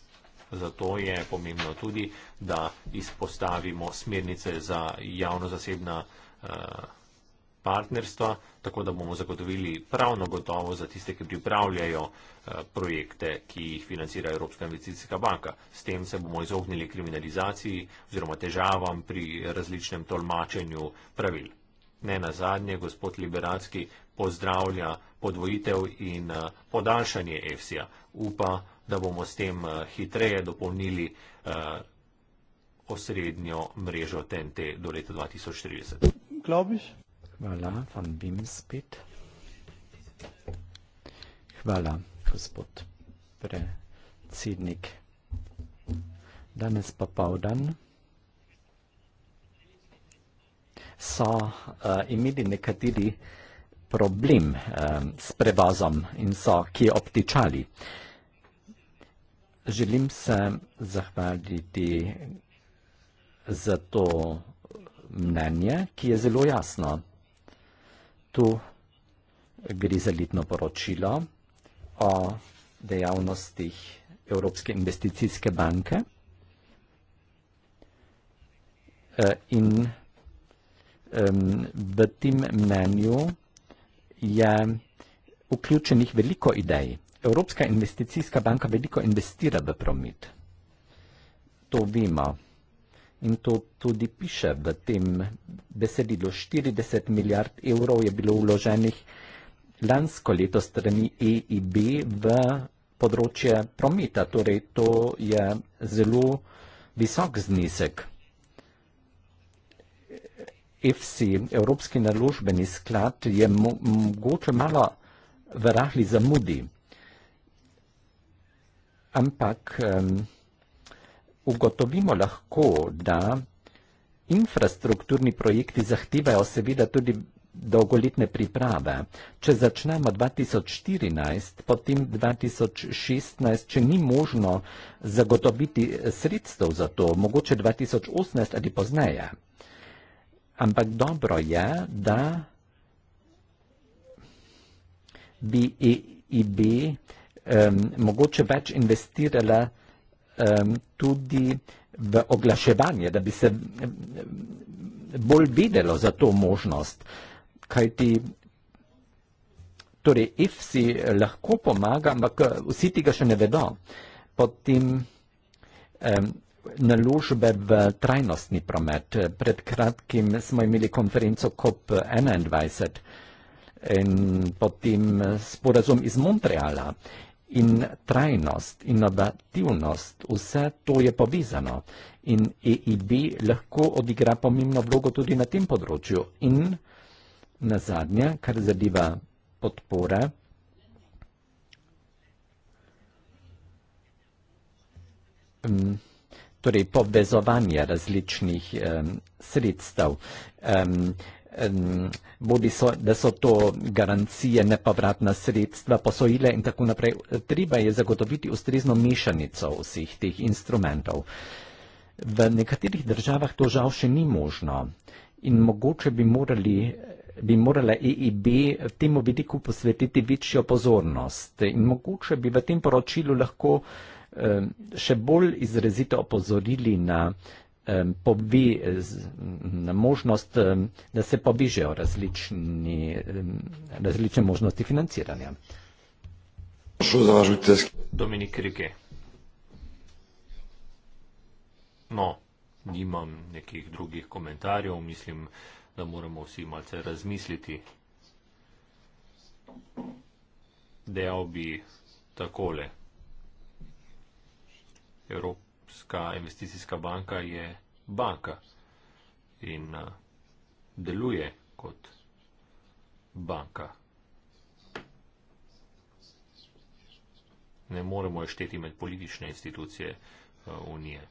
Zato je pomembno tudi, da izpostavimo smernice za javno-zasebna uh, partnerstva, tako da bomo zagotovili pravno gotovo za tiste, ki pripravljajo eh, projekte, ki jih financira Evropska investicijska banka. S tem se bomo izognili kriminalizaciji oziroma težavam pri različnem tolmačenju pravil. Ne na zadnje, gospod Liberacki pozdravlja podvojitev in eh, podaljšanje EFSI-ja. Upa, da bomo s tem eh, hitreje dopolnili osrednjo mrežo TNT do leta 2030. Klobiš? Hvala, vam bim spet. Hvala, gospod predsednik. Danes pa povdan. So uh, imeli nekateri problem um, s prevozom in so kje obtičali. Želim se zahvaliti za to mnenje, ki je zelo jasno tu gre za letno poročilo o dejavnostih Evropske investicijske banke eh, in v tem mnenju je vključenih veliko idej. Evropska investicijska banka veliko investira v promet. To vemo. In to tudi piše v tem besedilu. 40 milijard evrov je bilo vloženih lansko leto strani EIB v področje prometa. Torej, to je zelo visok znesek. EFSI, Evropski naložbeni sklad, je mogoče malo v rahli zamudi. Ampak. Um, ugotovimo lahko, da infrastrukturni projekti zahtevajo seveda tudi dolgoletne priprave. Če začnemo 2014, potem 2016, če ni možno zagotoviti sredstev za to, mogoče 2018 ali pozneje. Ampak dobro je, da bi EIB um, mogoče več investirala tudi v oglaševanje, da bi se bolj videlo za to možnost. Kaj ti, torej, if si lahko pomaga, ampak eh, vsi tega še ne vedo, potem naložbe v trajnostni promet. Pred kratkim smo imeli konferenco COP21 in potem eh, sporazum iz Montreala in trajnost, inovativnost, vse to je povezano in EIB lahko odigra pomembno vlogo tudi na tem področju. In na zadnje, kar zadeva podpore, torej povezovanje različnih sredstev bodi so, da so to garancije, ne pa vratna sredstva, posojile in tako naprej. Treba je zagotoviti ustrezno mešanico vseh teh instrumentov. V nekaterih državah to žal še ni možno in mogoče bi, morali, bi morala EIB temu vidiku posvetiti večjo pozornost in mogoče bi v tem poročilu lahko še bolj izrazito opozorili na pobi, možnost, da se pobižejo različni, različne možnosti financiranja. Dominik Rike. No, nimam nekih drugih komentarjev, mislim, da moramo vsi malce razmisliti. Dejal bi takole. Evropa. Evropska investicijska banka je banka in deluje kot banka. Ne moremo jo šteti med politične institucije Unije.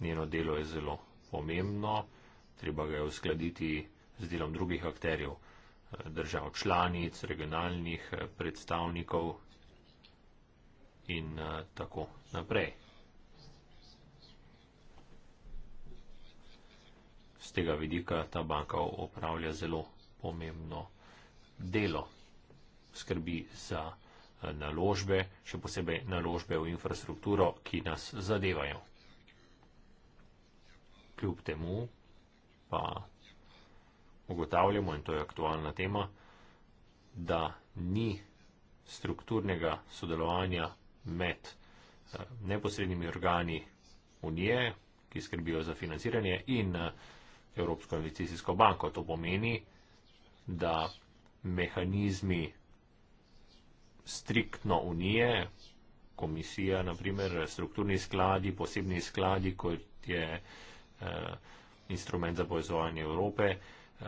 Njeno delo je zelo pomembno, treba ga je uskladiti z delom drugih akterjev, držav članic, regionalnih predstavnikov in uh, tako naprej. Z tega vidika ta banka opravlja zelo pomembno delo, skrbi za uh, naložbe, še posebej naložbe v infrastrukturo, ki nas zadevajo. Kljub temu pa ugotavljamo, in to je aktualna tema, da ni strukturnega sodelovanja med eh, neposrednimi organi Unije, ki skrbijo za financiranje, in eh, Evropsko investicijsko banko. To pomeni, da mehanizmi striktno Unije, komisija, naprimer strukturni skladi, posebni skladi, kot je eh, instrument za povezovanje Evrope, eh,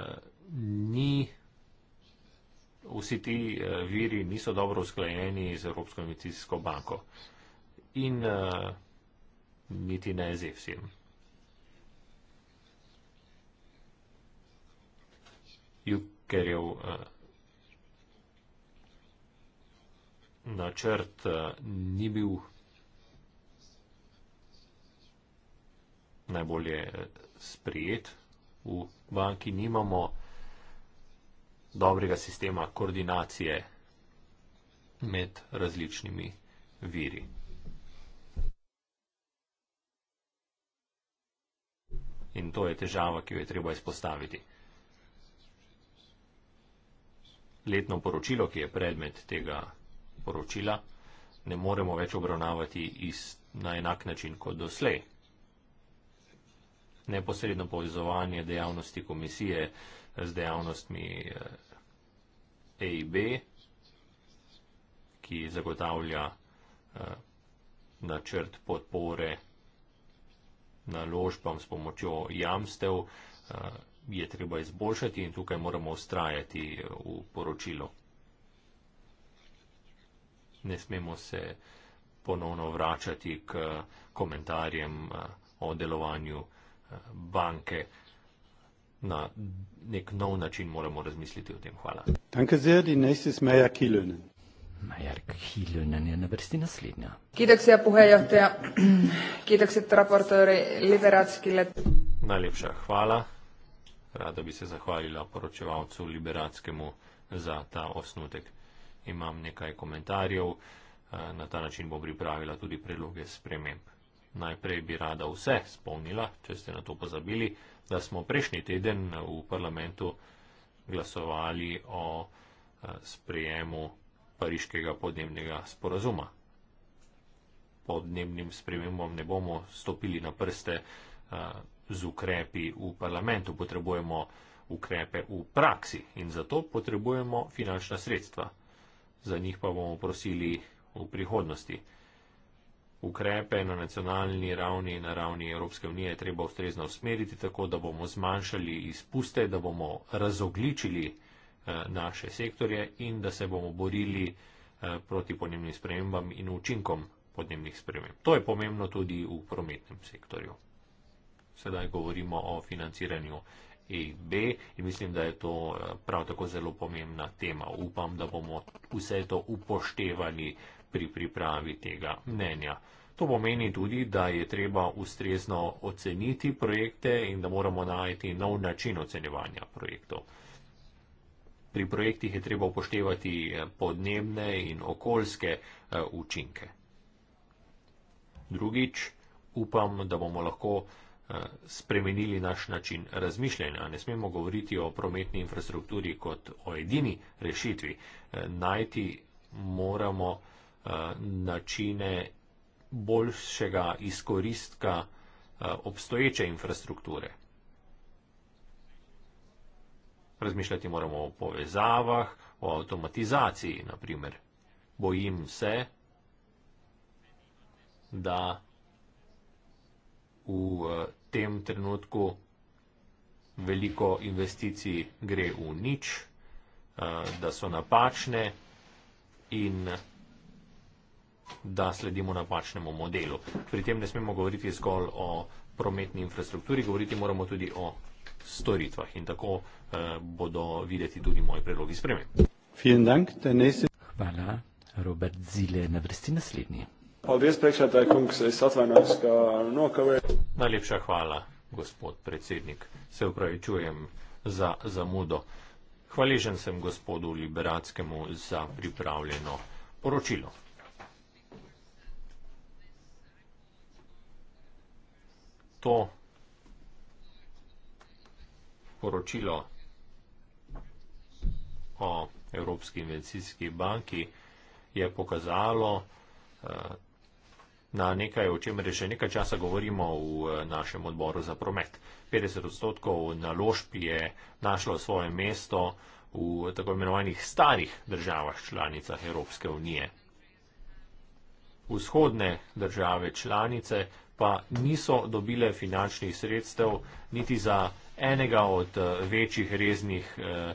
ni vsi ti eh, viri niso dobro usklajeni z Evropsko investicijsko banko in uh, niti ne z EFSIM. Ker je uh, eh, načrt uh, ni bil najbolje sprijet v banki, nimamo. Ni dobrega sistema koordinacije med različnimi viri. In to je težava, ki jo je treba izpostaviti. Letno poročilo, ki je predmet tega poročila, ne moremo več obravnavati iz, na enak način kot doslej. Neposredno povezovanje dejavnosti komisije z dejavnostmi eh, AB, ki zagotavlja eh, načrt podpore naložbam s pomočjo jamstev, eh, je treba izboljšati in tukaj moramo ustrajati eh, v poročilo. Ne smemo se ponovno vračati k komentarjem o delovanju banke na nek nov način moramo razmisliti o tem. Hvala. Meijer Kilönen je na vrsti naslednja. Najlepša hvala. Rada bi se zahvalila poročevalcu Liberatskemu za ta osnutek. Imam nekaj komentarjev, eh, na ta način bom pripravila tudi predloge sprememb. Najprej bi rada vse spomnila, če ste na to pozabili, da smo prejšnji teden v parlamentu glasovali o eh, sprejemu pariškega podnebnega sporazuma. Podnebnim spremembom ne bomo stopili na prste eh, z ukrepi v parlamentu, potrebujemo ukrepe v praksi in zato potrebujemo finančna sredstva. Za njih pa bomo prosili v prihodnosti ukrepe na nacionalni ravni in na ravni Evropske unije treba ustrezno usmeriti tako, da bomo zmanjšali izpuste, da bomo razogličili eh, naše sektorje in da se bomo borili eh, proti podnebnim spremembam in učinkom podnebnih sprememb. To je pomembno tudi v prometnem sektorju. Sedaj govorimo o financiranju EIB in mislim, da je to eh, prav tako zelo pomembna tema. Upam, da bomo vse to upoštevali pri pripravi tega mnenja. To pomeni tudi, da je treba ustrezno oceniti projekte in da moramo najti nov način ocenjevanja projektov. Pri projektih je treba upoštevati eh, podnebne in okoljske eh, učinke. Drugič, upam, da bomo lahko eh, spremenili naš način razmišljanja. Ne smemo govoriti o prometni infrastrukturi kot o edini rešitvi. Najti moramo. Eh, načine boljšega izkoristka eh, obstoječe infrastrukture. Razmišljati moramo o povezavah, o avtomatizaciji, naprimer. Bojim se, da v eh, tem trenutku veliko investicij gre v nič, da so napačne in da sledimo napačnemu modelu. Pri tem ne smemo govoriti zgolj o prometni infrastrukturi, govoriti moramo tudi o storitvah in tako eh, bodo videti tudi moji predlogi sprememb. Hvala. Robert Zile na vrsti naslednji. Najlepša hvala, gospod predsednik. Se upravičujem za zamudo. Hvaležen sem gospodu Liberackemu za pripravljeno poročilo. to poročilo o Evropski investicijski banki je pokazalo eh, na nekaj, o čemer še nekaj časa govorimo v eh, našem odboru za promet. 50 odstotkov naložb je našlo svoje mesto v tako imenovanih starih državah članicah Evropske unije. Vzhodne države članice pa niso dobile finančnih sredstev niti za enega od eh, večjih reznih eh,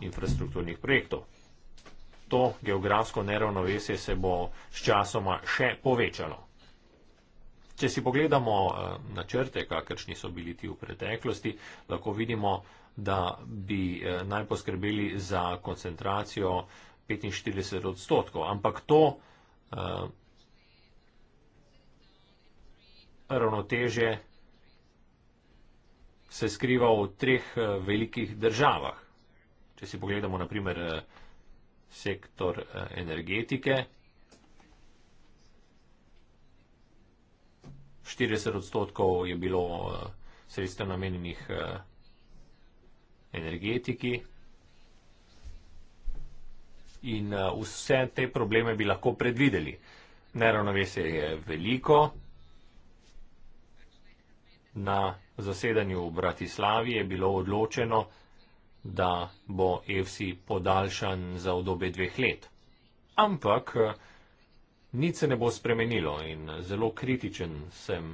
infrastrukturnih projektov. To geografsko neravnovesje se bo s časoma še povečalo. Če si pogledamo eh, načrte, kakršni so bili ti v preteklosti, lahko vidimo, da bi naj poskrbeli za koncentracijo 45 odstotkov, ampak to ravnotežje se skriva v treh eh, velikih državah. Če si pogledamo naprimer eh, sektor eh, energetike, 40 odstotkov je bilo sredstva namenjenih energetiki in vse te probleme bi lahko predvideli. Neravnovesje je veliko, Na zasedanju v Bratislavi je bilo odločeno, da bo EFSI podaljšan za odobje dveh let. Ampak eh, nič se ne bo spremenilo in zelo kritičen sem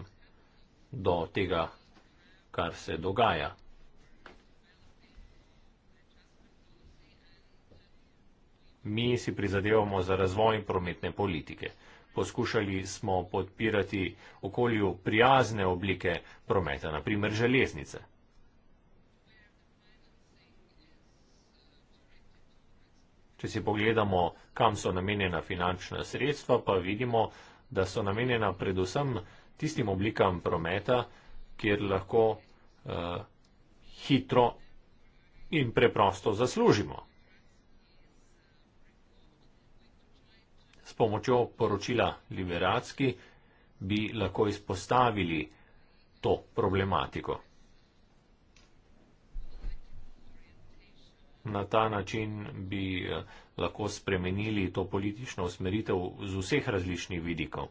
do tega, kar se dogaja. Mi si prizadevamo za razvoj prometne politike poskušali smo podpirati okolju prijazne oblike prometa, naprimer železnice. Če si pogledamo, kam so namenjena finančna sredstva, pa vidimo, da so namenjena predvsem tistim oblikam prometa, kjer lahko uh, hitro in preprosto zaslužimo. S pomočjo poročila Liberacki bi lahko izpostavili to problematiko. Na ta način bi eh, lahko spremenili to politično usmeritev z vseh različnih vidikov.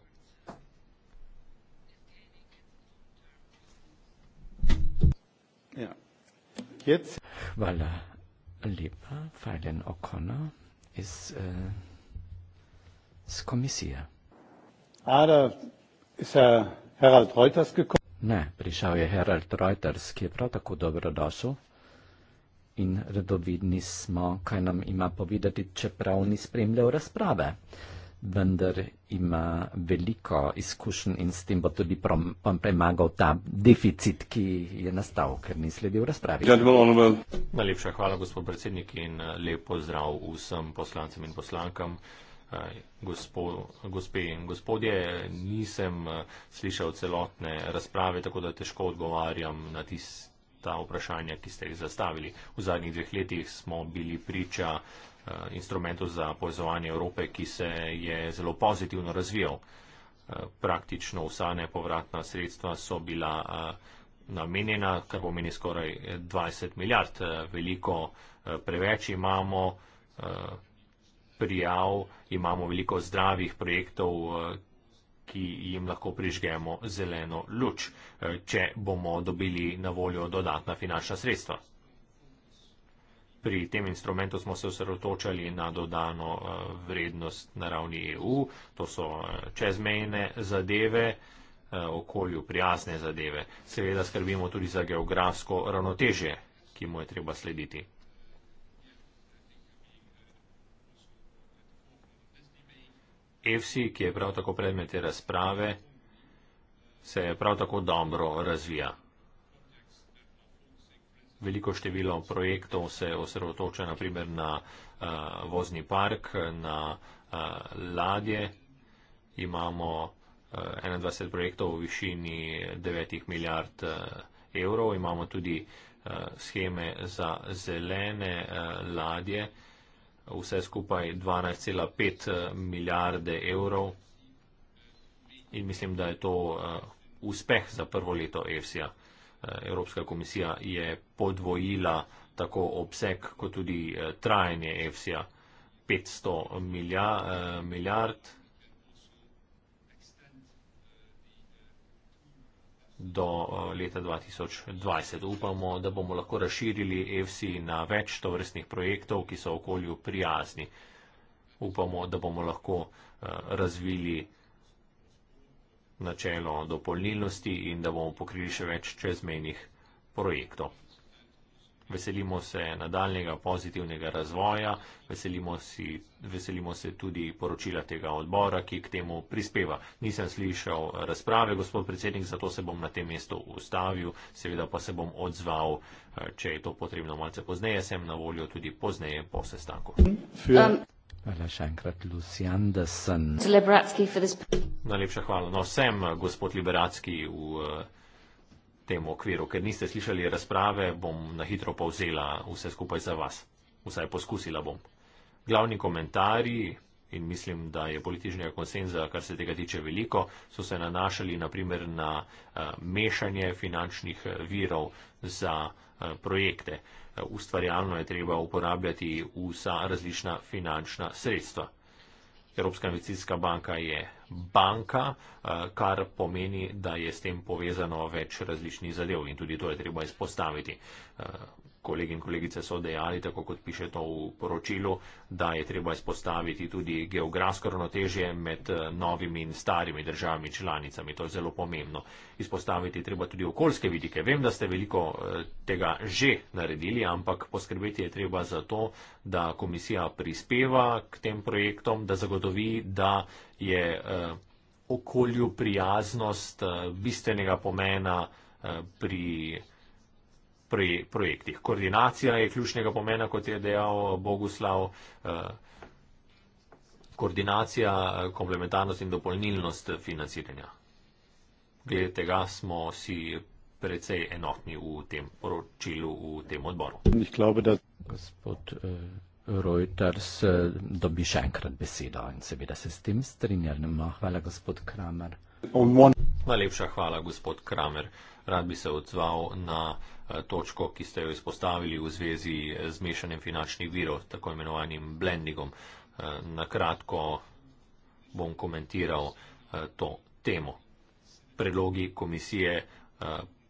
Ja. Jetzt. Hvala lepa, Fajden O'Connor iz. Uh s komisije. Ne, prišel je Herald Reuters, ki je prav tako dobrodošel in redovidni smo, kaj nam ima povedati, čeprav ni spremljal razprave. Vendar ima veliko izkušenj in s tem bo tudi prom, premagal ta deficit, ki je nastal, ker ni sledil razpravi. Najlepša hvala, gospod predsednik, in eh, lepo zdrav vsem poslancem in poslankam gospe in gospodje, nisem eh, slišal celotne razprave, tako da težko odgovarjam na tista vprašanja, ki ste jih zastavili. V zadnjih dveh letih smo bili priča eh, instrumentu za povezovanje Evrope, ki se je zelo pozitivno razvijal. Eh, praktično vsa nepovratna sredstva so bila namenjena, kar pomeni skoraj 20 milijard. Veliko preveč imamo prijav, imamo veliko zdravih projektov, eh, ki jim lahko prižgemo zeleno luč, eh, če bomo dobili na voljo dodatna finančna sredstva. Pri tem instrumentu smo se osredotočali na dodano eh, vrednost na ravni EU, to so čezmejne zadeve, okolju prijazne zadeve. Seveda skrbimo tudi za geografsko ravnotežje, ki mu je treba slediti. EFSI, ki je prav tako predmet te razprave, se je prav tako dobro razvija. Veliko število projektov se osredotoča naprimer na uh, vozni park, na uh, ladje. Imamo uh, eh, 21 projektov v višini 9 milijard uh, evrov. Imamo tudi uh, scheme za zelene uh, ladje. Uh, vse skupaj 12,5 eh, milijarde evrov. In mislim, da je to uh, uspeh za prvo leto EFSA. Eh, Evropska komisija je podvojila tako obseg, kot tudi trajanje EFSA 500 milijard. Uh, do eh, leta 2020. Upamo, da bomo lahko razširili EFSI na več tovrstnih projektov, ki so okolju prijazni. Upamo, da bomo lahko eh, razvili načelo dopolnilnosti in da bomo pokrili še več čezmenih projektov. Veselimo se nadaljnega pozitivnega razvoja, veselimo, si, veselimo se tudi poročila tega odbora, ki k temu prispeva. Nisem slišal eh, razprave, gospod predsednik, zato se bom na tem mestu ustavil, seveda pa se bom odzval, eh, če je to potrebno malce pozneje, sem na voljo tudi pozneje po sestanku. Um. Hvala še enkrat, Lucian Dasen. Najlepša hvala. No, sem eh, gospod Liberacki v. Uh, tem okviru. Ker niste slišali razprave, bom na hitro povzela vse skupaj za vas. Vsaj poskusila bom. Glavni komentarji, in mislim, da je političnega konsenza, kar se tega tiče veliko, so se nanašali naprimer na eh, mešanje finančnih eh, virov za eh, projekte. Ustvarjalno je treba uporabljati vsa različna finančna sredstva. Evropska investicijska banka je banka, eh, kar pomeni, da je s tem povezano več različnih zadev in tudi to je treba izpostaviti. Eh, kolegi in kolegice so dejali, tako kot piše to v poročilu, da je treba izpostaviti tudi geografsko ravnotežje med eh, novimi in starimi državami članicami. To je zelo pomembno. Izpostaviti treba tudi okoljske vidike. Vem, da ste veliko eh, tega že naredili, ampak poskrbeti je treba za to, da komisija prispeva k tem projektom, da zagotovi, da je eh, okolju prijaznost bistvenega pomena pri pri projektih. Koordinacija je ključnega pomena, kot je dejal Boguslav. Eh, koordinacija, komplementarnost in dopolnilnost financiranja. Glede tega smo si precej enotni v tem poročilu, v tem odboru. Gospod eh, Reuters, eh, dobi še enkrat besedo in seveda se s tem strinjamo. Hvala, gospod Kramer. Najlepša hvala, gospod Kramer rad bi se odzval na eh, točko, ki ste jo izpostavili v zvezi z mešanjem finančnih virov, tako imenovanim blendingom. Eh, na kratko bom komentiral eh, to temo. Predlogi komisije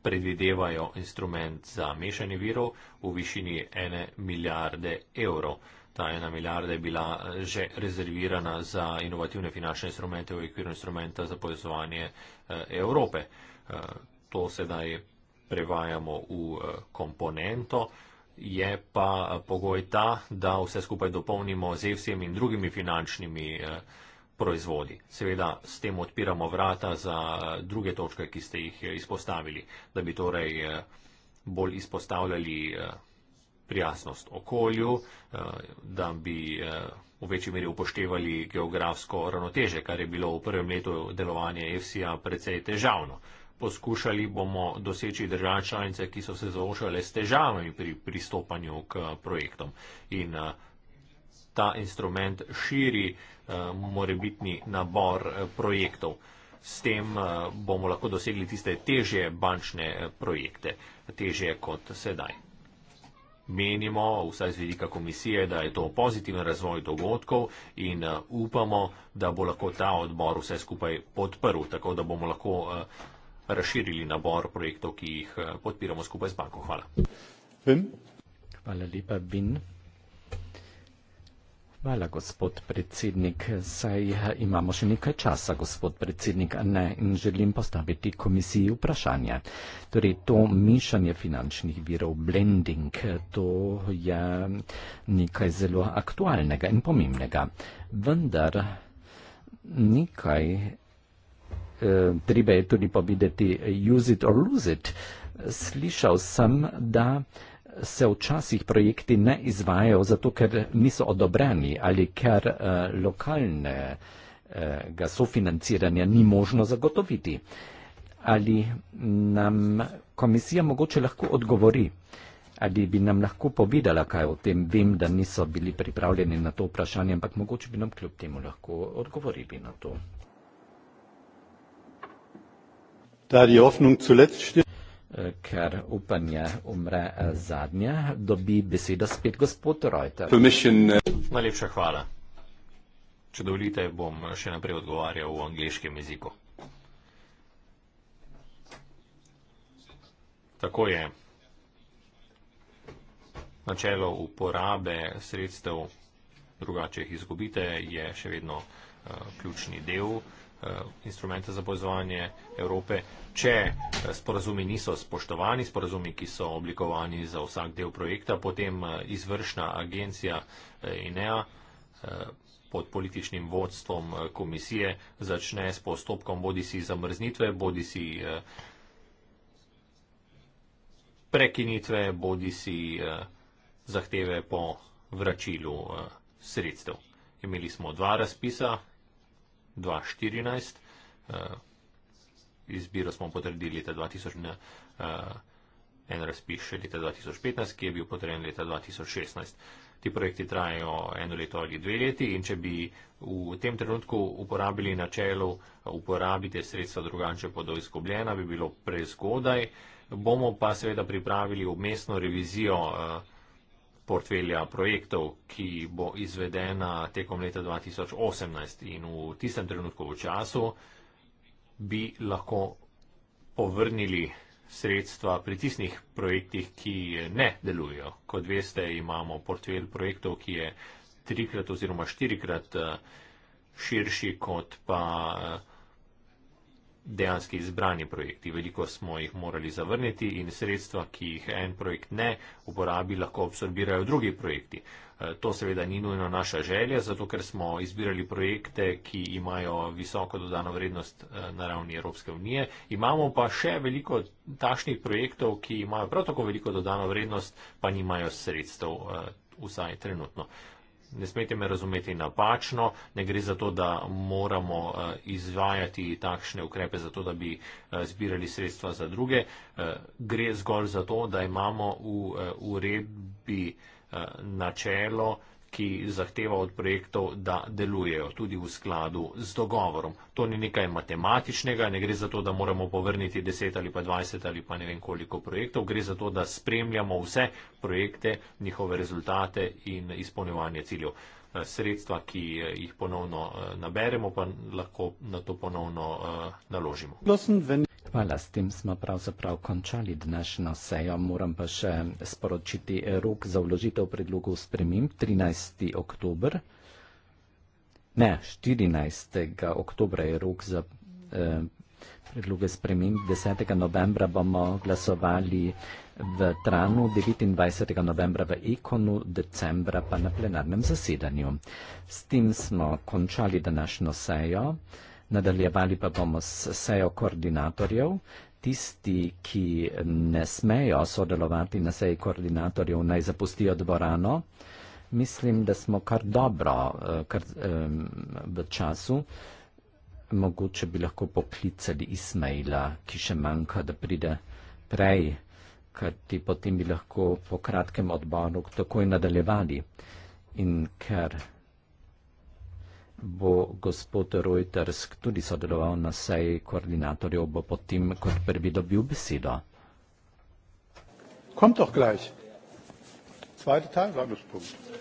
predvidevajo instrument za mešanje virov v višini ene milijarde evrov. Ta ena milijarda je bila že rezervirana za inovativne finančne instrumente v okviru instrumenta za povezovanje Evrope to sedaj prevajamo v eh, komponento, je pa eh, pogoj ta, da vse skupaj dopolnimo z vsemi drugimi finančnimi eh, proizvodi. Seveda s tem odpiramo vrata za druge točke, ki ste jih izpostavili, da bi torej bolj izpostavljali prijasnost okolju, da bi v večji meri upoštevali geografsko ravnoteže, kar je bilo v prvem letu delovanja EFSI-a precej težavno poskušali bomo doseči države članice, ki so se zaošale s težavami pri pristopanju k projektom. In eh, ta instrument širi eh, morebitni nabor eh, projektov. S tem bomo lahko dosegli tiste težje bančne projekte, težje kot sedaj. Menimo, vsaj z vidika komisije, da je to pozitiven razvoj dogodkov in upamo, da bo lahko ta odbor vse skupaj podprl, tako da bomo lahko razširili nabor projektov, ki jih eh, podpiramo skupaj z banko. Hvala. Bin. Hvala lepa, Bin. Hvala, gospod predsednik. Saj eh, imamo še nekaj časa, gospod predsednik, a ne in želim postaviti komisiji vprašanja. Torej, to mišanje finančnih virov, blending, eh, to je nekaj zelo aktualnega in pomembnega. Vendar nekaj Eh, treba je tudi povedati use it or lose it. Slišal sem, da se včasih projekti ne izvajajo zato, ker niso odobreni ali ker eh, lokalne ga sofinanciranja ni možno zagotoviti. Ali nam komisija mogoče lahko odgovori, ali bi nam lahko povedala kaj o tem, vem, da niso bili pripravljeni na to vprašanje, ampak mogoče bi nam kljub temu lahko odgovorili na to. da die Hoffnung zuletzt stirbt. Eh, ker upanje umre eh, zadnje, dobi besedo spet gospod Reuter. Eh. Najlepša hvala. Če dovolite, bom še naprej odgovarjal v angliškem jeziku. Tako je. Načelo uporabe sredstev, drugače jih izgubite, je še vedno uh, ključni del uh, Eh, instrumente za pozvanje Evrope, če eh, sporazumi niso spoštovani, sporazumi, ki so oblikovani za vsak del projekta, potem eh, izvršna agencija INEA pod političnim vodstvom komisije začne s postopkom bodisi zamrznitve, bodisi prekinitve, bodisi zahteve po vračilu sredstev. Imeli smo dva razpisa. 2014. Eh, izbiro smo potrdili leta 2001, eh, en razpis še leta 2015, ki je bil potrjen leta 2016. Ti projekti trajajo eno leto ali dve leti in če bi v tem trenutku uporabili načelo uporabite sredstva drugače pod izgubljena, bi bilo prezgodaj. Bomo pa seveda pripravili obmestno revizijo uh, portfelja projektov, ki bo izvedena tekom leta 2018 in v tistem trenutku v času bi lahko povrnili sredstva pri tistih projektih, ki ne delujejo. Kot veste, imamo portfelj projektov, ki je trikrat oziroma štirikrat eh, širši kot pa eh, dejansko izbrani projekti. Veliko smo jih morali zavrniti in sredstva, ki jih en projekt ne uporabi, lahko absorbirajo drugi projekti. E, to seveda ni nujno naša želja, zato ker smo izbirali projekte, ki imajo visoko dodano vrednost e, na ravni Evropske unije. Imamo pa še veliko takšnih projektov, ki imajo prav tako veliko dodano vrednost, pa nimajo sredstev, e, vsaj trenutno ne smete me razumeti napačno, ne gre za to, da moramo eh, izvajati takšne ukrepe za to, da bi eh, zbirali sredstva za druge, eh, gre zgolj za to, da imamo v uredbi načelo, ki zahteva od projektov, da delujejo tudi v skladu z dogovorom. To ni nekaj matematičnega, ne gre za to, da moramo povrniti 10 ali pa 20 ali pa ne vem koliko projektov, gre za to, da spremljamo vse projekte, njihove rezultate in izpolnjevanje ciljev. Eh, sredstva, ki eh, jih ponovno eh, naberemo, pa lahko na to ponovno naložimo. Losen, ven... Hvala, s tem smo pravzaprav končali današnjo sejo. Moram pa še sporočiti rok za vložitev predlogov spremem 13. oktober. Ne, 14. oktober je rok za eh, predloge spremem. 10. novembra bomo glasovali v Tranu, 29. novembra v Ekonu, decembra pa na plenarnem zasedanju. S tem smo končali današnjo sejo. Nadaljevali pa bomo s sejo koordinatorjev. Tisti, ki ne smejo sodelovati na seji koordinatorjev, naj zapustijo dvorano. Mislim, da smo kar dobro eh, kar, um, v času. Mogoče bi lahko poklicali Ismaila, ki še manjka, da pride prej, ker ti potem bi lahko po kratkem odboru takoj nadaljevali. In ker bo gospod Reuters tudi sodeloval na seji koordinatorjev, bo potem kot prvi dobil besedo. Kom toh gleich. Zweite Tagesordnungspunkt.